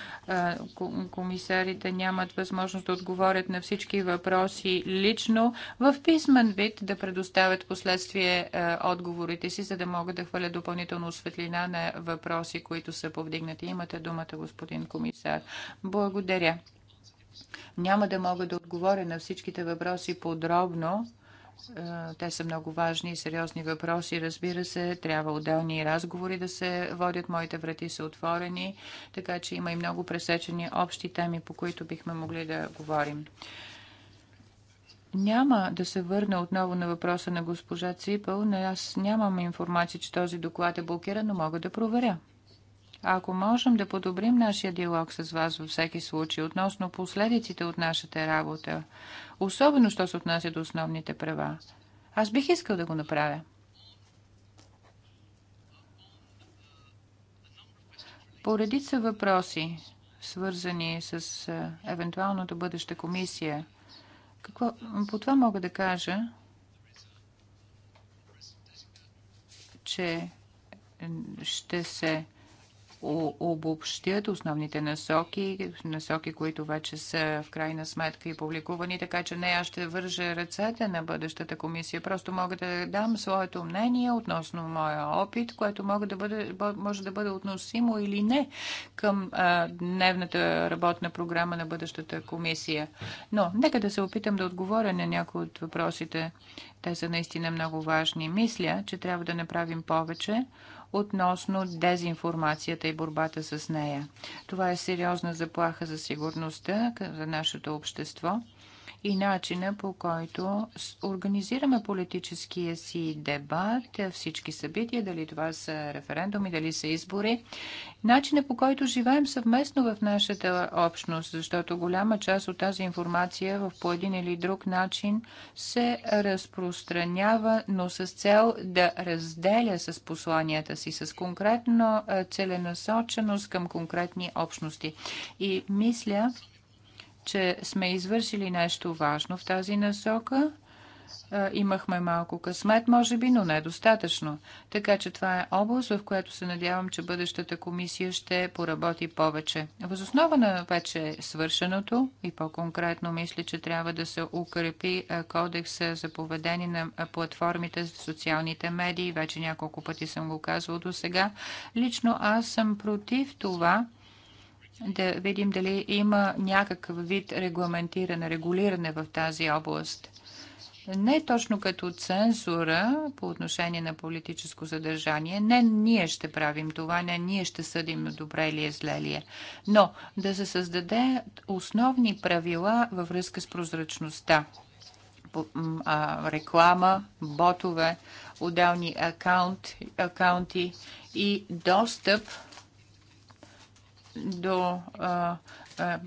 комисарите нямат възможност да отговорят на всички въпроси лично, в писмен вид да предоставят последствие отговорите си, за да могат да хвалят допълнително светлина на въпроси, които са повдигнати. Имате думата, господин комисар. Благодаря. Няма да мога да отговоря на всичките въпроси подробно, е, те са много важни и сериозни въпроси. Разбира се, трябва отделни разговори да се водят. Моите врати са отворени, така че има и много пресечени общи теми, по които бихме могли да говорим. Няма да се върна отново на въпроса на госпожа Ципъл, но аз нямам информация, че този доклад е блокиран, но мога да проверя. Ако можем да подобрим нашия диалог с вас във всеки случай относно последиците от нашата работа, особено що се отнася до основните права, аз бих искал да го направя. Поредица въпроси, свързани с евентуалното бъдеща комисия, какво, по това мога да кажа, че ще се обобщят основните насоки, насоки, които вече са в крайна сметка и публикувани, така че не аз ще вържа ръцете на бъдещата комисия. Просто мога да дам своето мнение относно моя опит, което мога да бъде, може да бъде относимо или не към а, дневната работна програма на бъдещата комисия. Но нека да се опитам да отговоря на някои от въпросите. Те са наистина много важни. Мисля, че трябва да направим повече относно дезинформацията и борбата с нея. Това е сериозна заплаха за сигурността за нашето общество и начина по който организираме политическия си дебат, всички събития, дали това са референдуми, дали са избори, начина по който живеем съвместно в нашата общност, защото голяма част от тази информация в по един или друг начин се разпространява, но с цел да разделя с посланията си, с конкретно целенасоченост към конкретни общности. И мисля, че сме извършили нещо важно в тази насока. Имахме малко късмет, може би, но недостатъчно. Така че това е област, в която се надявам, че бъдещата комисия ще поработи повече. Възоснова на вече свършеното и по-конкретно мисля, че трябва да се укрепи кодекса за поведение на платформите за социалните медии. Вече няколко пъти съм го казвал до сега. Лично аз съм против това да видим дали има някакъв вид регламентиране, регулиране в тази област. Не точно като цензура по отношение на политическо съдържание. Не ние ще правим това, не ние ще съдим добре ли е, зле ли е. Но да се създаде основни правила във връзка с прозрачността. Реклама, ботове, отделни акаунти и достъп до а, а,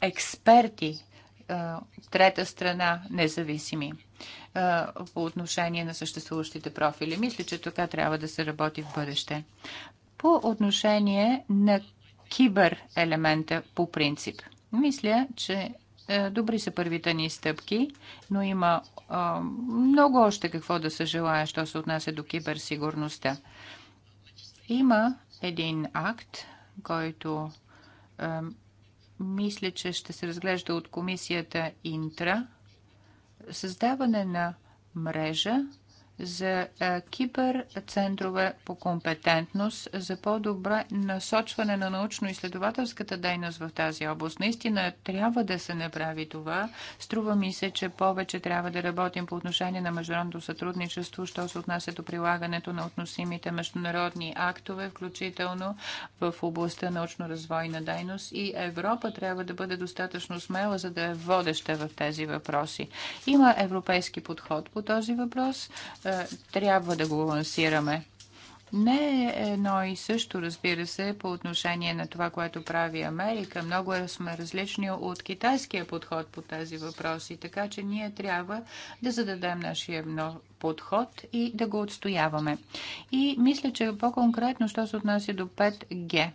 експерти, а, трета страна, независими по отношение на съществуващите профили. Мисля, че така трябва да се работи в бъдеще. По отношение на кибер елемента по принцип. Мисля, че добри са първите ни стъпки, но има а, много още какво да се желая, що се отнася до киберсигурността. Има един акт, който мисля, че ще се разглежда от комисията Интра. Създаване на мрежа за киберцентрове по компетентност за по-добре насочване на научно-изследователската дейност в тази област. Наистина трябва да се направи това. Струва ми се, че повече трябва да работим по отношение на международното сътрудничество, що се отнася до прилагането на относимите международни актове, включително в областта научно-развойна дейност. И Европа трябва да бъде достатъчно смела, за да е водеща в тези въпроси. Има европейски подход по този въпрос е, трябва да го лансираме. Не е едно и също, разбира се, по отношение на това, което прави Америка. Много сме различни от китайския подход по тези въпроси, така че ние трябва да зададем нашия подход и да го отстояваме. И мисля, че по-конкретно, що се отнася до 5G.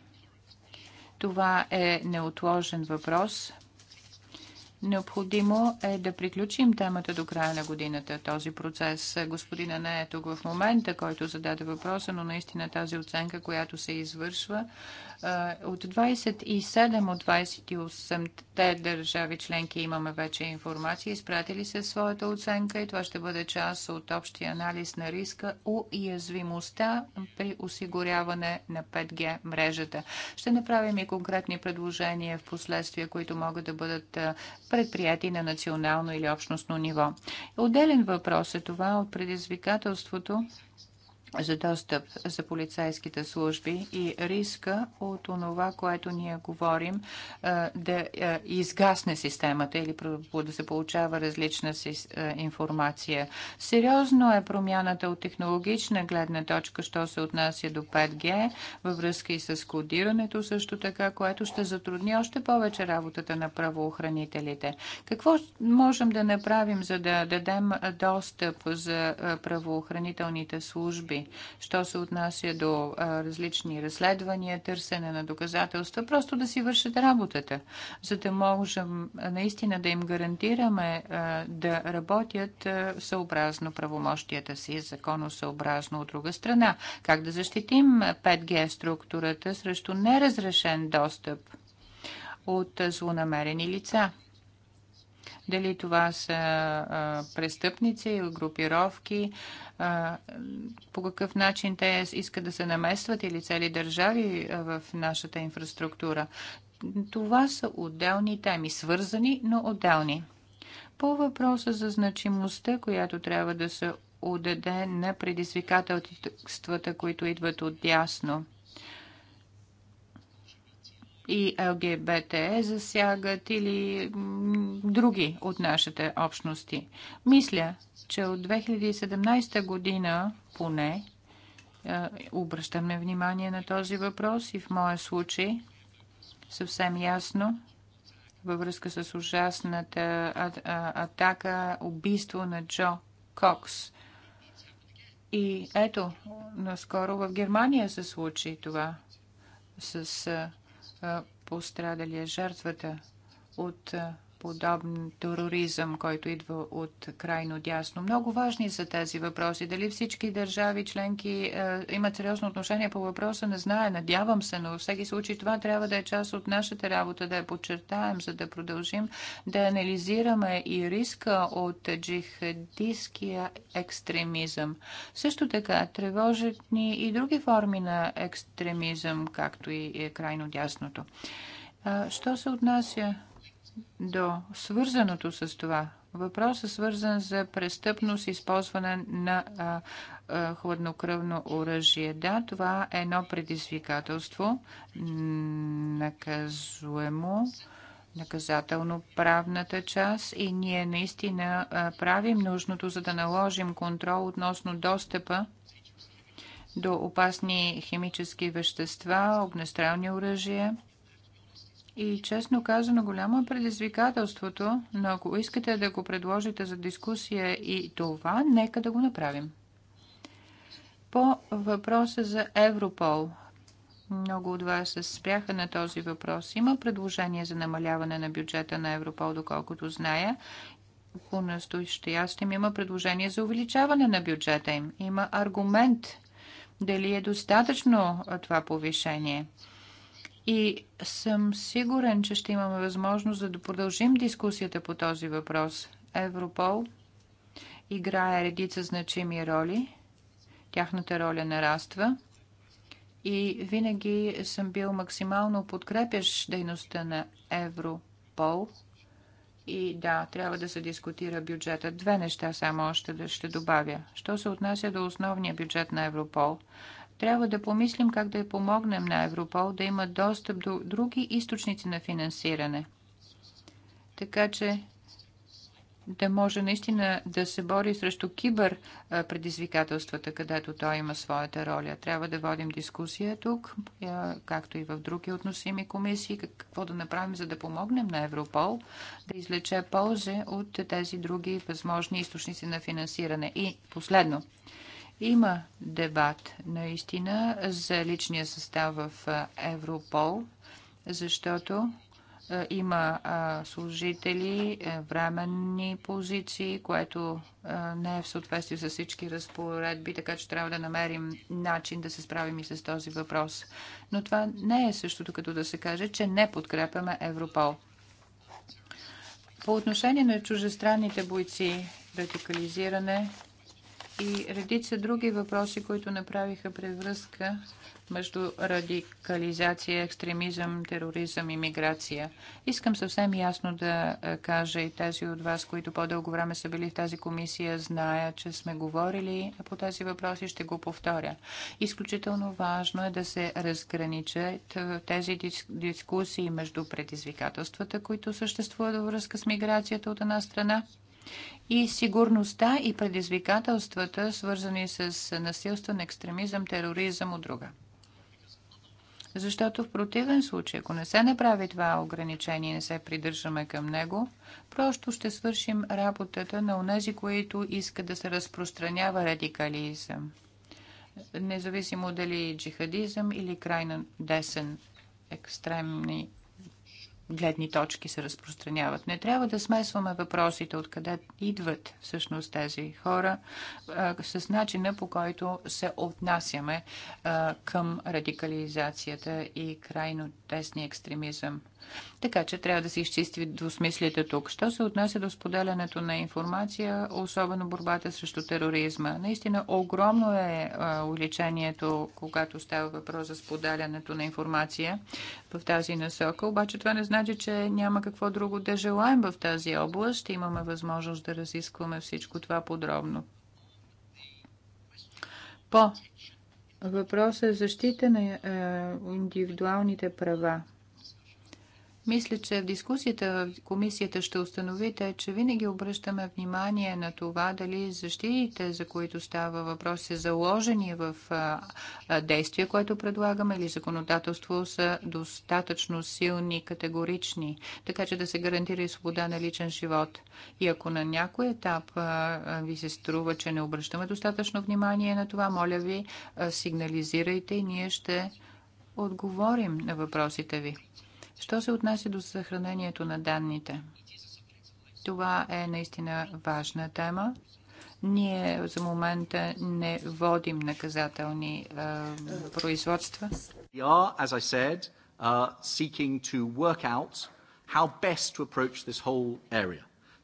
Това е неотложен въпрос Необходимо е да приключим темата до края на годината. Този процес, господина не е тук в момента, който зададе въпроса, но наистина тази оценка, която се извършва, от 27 от 28-те държави членки имаме вече информация, изпратили се своята оценка и това ще бъде част от общия анализ на риска уязвимостта при осигуряване на 5G мрежата. Ще направим и конкретни предложения в последствие, които могат да бъдат предприяти на национално или общностно ниво. Отделен въпрос е това от предизвикателството за достъп за полицейските служби и риска от това, което ние говорим, е, да е, изгасне системата или да се получава различна е, информация. Сериозно е промяната от технологична гледна точка, що се отнася до 5G, във връзка и с кодирането също така, което ще затрудни още повече работата на правоохранителите. Какво можем да направим, за да дадем достъп за правоохранителните служби? групи. Що се отнася до различни разследвания, търсене на доказателства, просто да си вършат работата, за да можем наистина да им гарантираме да работят съобразно правомощията си, законосъобразно от друга страна. Как да защитим 5G структурата срещу неразрешен достъп от злонамерени лица? дали това са а, престъпници или групировки, а, по какъв начин те искат да се наместват или цели държави в нашата инфраструктура. Това са отделни теми, свързани, но отделни. По въпроса за значимостта, която трябва да се отдаде на предизвикателствата, които идват от дясно – и ЛГБТ засягат или други от нашите общности. Мисля, че от 2017 година поне е, обръщаме внимание на този въпрос и в моя случай съвсем ясно във връзка с ужасната атака, убийство на Джо Кокс. И ето, наскоро в Германия се случи това с е, пострадалия, жертвата от подобен тероризъм, който идва от крайно дясно. Много важни са тези въпроси. Дали всички държави членки е, имат сериозно отношение по въпроса, не знае. Надявам се, но в всеки случай това трябва да е част от нашата работа, да я подчертаем, за да продължим да анализираме и риска от джихадистския екстремизъм. Също така, тревожат ни и други форми на екстремизъм, както и крайно дясното. Е, що се отнася до свързаното с това. Въпросът е свързан за престъпност, използване на а, а, хладнокръвно оръжие. Да, това е едно предизвикателство, наказуемо, наказателно-правната част и ние наистина а, правим нужното, за да наложим контрол относно достъпа до опасни химически вещества, огнестрелни оръжия и честно казано, голямо е предизвикателството, но ако искате да го предложите за дискусия и това, нека да го направим. По въпроса за Европол. Много от вас се спряха на този въпрос. Има предложение за намаляване на бюджета на Европол, доколкото зная. По настоящем има предложение за увеличаване на бюджета им. Има аргумент дали е достатъчно това повишение. И съм сигурен, че ще имаме възможност да продължим дискусията по този въпрос. Европол играе редица значими роли. Тяхната роля нараства. И винаги съм бил максимално подкрепящ дейността на Европол. И да, трябва да се дискутира бюджета. Две неща само още да ще добавя. Що се отнася до основния бюджет на Европол – трябва да помислим как да я помогнем на Европол да има достъп до други източници на финансиране. Така че да може наистина да се бори срещу кибер предизвикателствата, където той има своята роля. Трябва да водим дискусия тук, както и в други относими комисии, какво да направим, за да помогнем на Европол да излече ползе от тези други възможни източници на финансиране. И последно, има дебат наистина за личния състав в Европол, защото има служители, временни позиции, което не е в съответствие с всички разпоредби, така че трябва да намерим начин да се справим и с този въпрос. Но това не е същото като да се каже, че не подкрепяме Европол. По отношение на чужестранните бойци, радикализиране, и редица други въпроси, които направиха превръзка между радикализация, екстремизъм, тероризъм и миграция. Искам съвсем ясно да е, кажа и тези от вас, които по-дълго време са били в тази комисия, знаят, че сме говорили по тези въпроси, ще го повторя. Изключително важно е да се разграничат е, тези дискусии между предизвикателствата, които съществуват във връзка с миграцията от една страна и сигурността и предизвикателствата, свързани с насилствен екстремизъм, тероризъм от друга. Защото в противен случай, ако не се направи това ограничение и не се придържаме към него, просто ще свършим работата на онези, които искат да се разпространява радикализъм. Независимо дали джихадизъм или крайно десен екстремни гледни точки се разпространяват. Не трябва да смесваме въпросите, откъде идват всъщност тези хора, с начина по който се отнасяме към радикализацията и крайно тесния екстремизъм. Така че трябва да се изчисти двусмислите тук. Що се отнася до споделянето на информация, особено борбата срещу тероризма? Наистина огромно е увеличението, когато става въпрос за споделянето на информация в тази насока. Обаче това не значи, че няма какво друго да желаем в тази област. Ще имаме възможност да разискваме всичко това подробно. По въпроса е защита на е, индивидуалните права. Мисля, че в дискусията в комисията ще установите, че винаги обръщаме внимание на това дали защитите, за които става въпрос, са заложени в действия, което предлагаме, или законодателство са достатъчно силни, категорични, така че да се гарантира и свобода на личен живот. И ако на някой етап ви се струва, че не обръщаме достатъчно внимание на това, моля ви, сигнализирайте и ние ще отговорим на въпросите ви. Що се отнася до съхранението на данните? Това е наистина важна тема. Ние за момента не водим наказателни е, производства.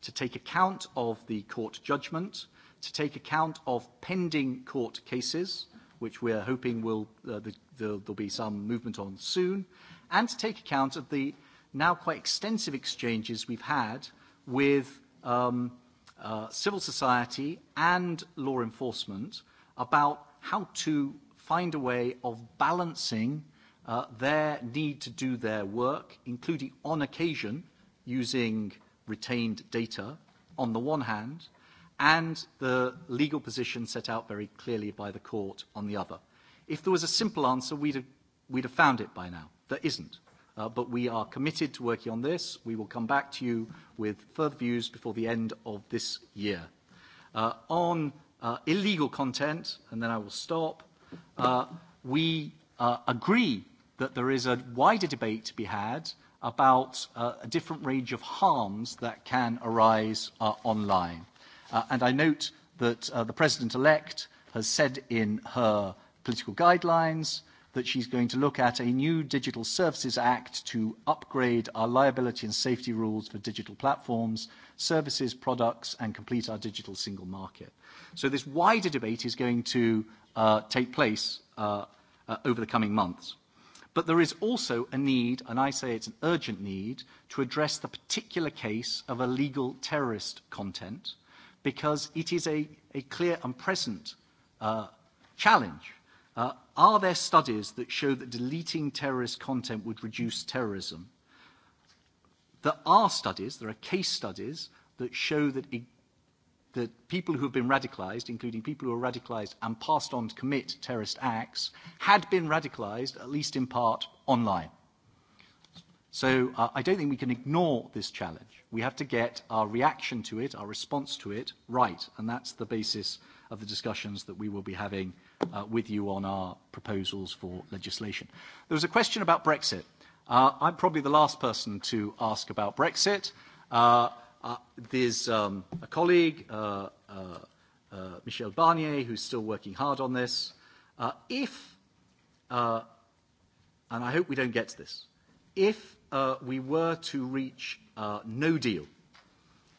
To take account of the court judgment, to take account of pending court cases, which we are hoping will uh, the, the, there'll be some movement on soon, uh, and to take account of the now quite extensive exchanges we've had with um, uh, civil society and law enforcement about how to find a way of balancing uh, their need to do their work, including on occasion using retained data on the one hand, and the legal position set out very clearly by the court on the other. If there was a simple answer, we'd have, we'd have found it by now. There isn't. but we are committed to working on this. We will come back to you with further views before the end of this year. on illegal content, and then I will stop, we uh, agree that there is a wider debate to be had about uh, a different range of harms that can arise uh, online. Uh, and I note that uh, the president elect has said in her political guidelines that she's going to look at a new Digital Services Act to upgrade our liability and safety rules for digital platforms, services, products, and complete our digital single market. So this wider debate is going to uh, take place uh, uh, over the coming months. But there is also a need, and I say it's an urgent need, to address the particular case of illegal terrorist content because it is a, a clear and present uh, challenge Uh, are there studies that show that deleting terrorist content would reduce terrorism? There are studies, there are case studies that show that, it, that people who have been radicalized, including people who are radicalized and passed on to commit terrorist acts, had been radicalized, at least in part, online. So uh, I don't think we can ignore this challenge. We have to get our reaction to it, our response to it, right, and that's the basis of the discussions that we will be having uh, with you on our proposals for legislation. There was a question about Brexit. Uh, I'm probably the last person to ask about Brexit. Uh, uh, there's um, a colleague, uh, uh, uh, Michel Barnier, who's still working hard on this. Uh, if, uh, and I hope we don't get to this, if uh, we were to reach uh, no deal –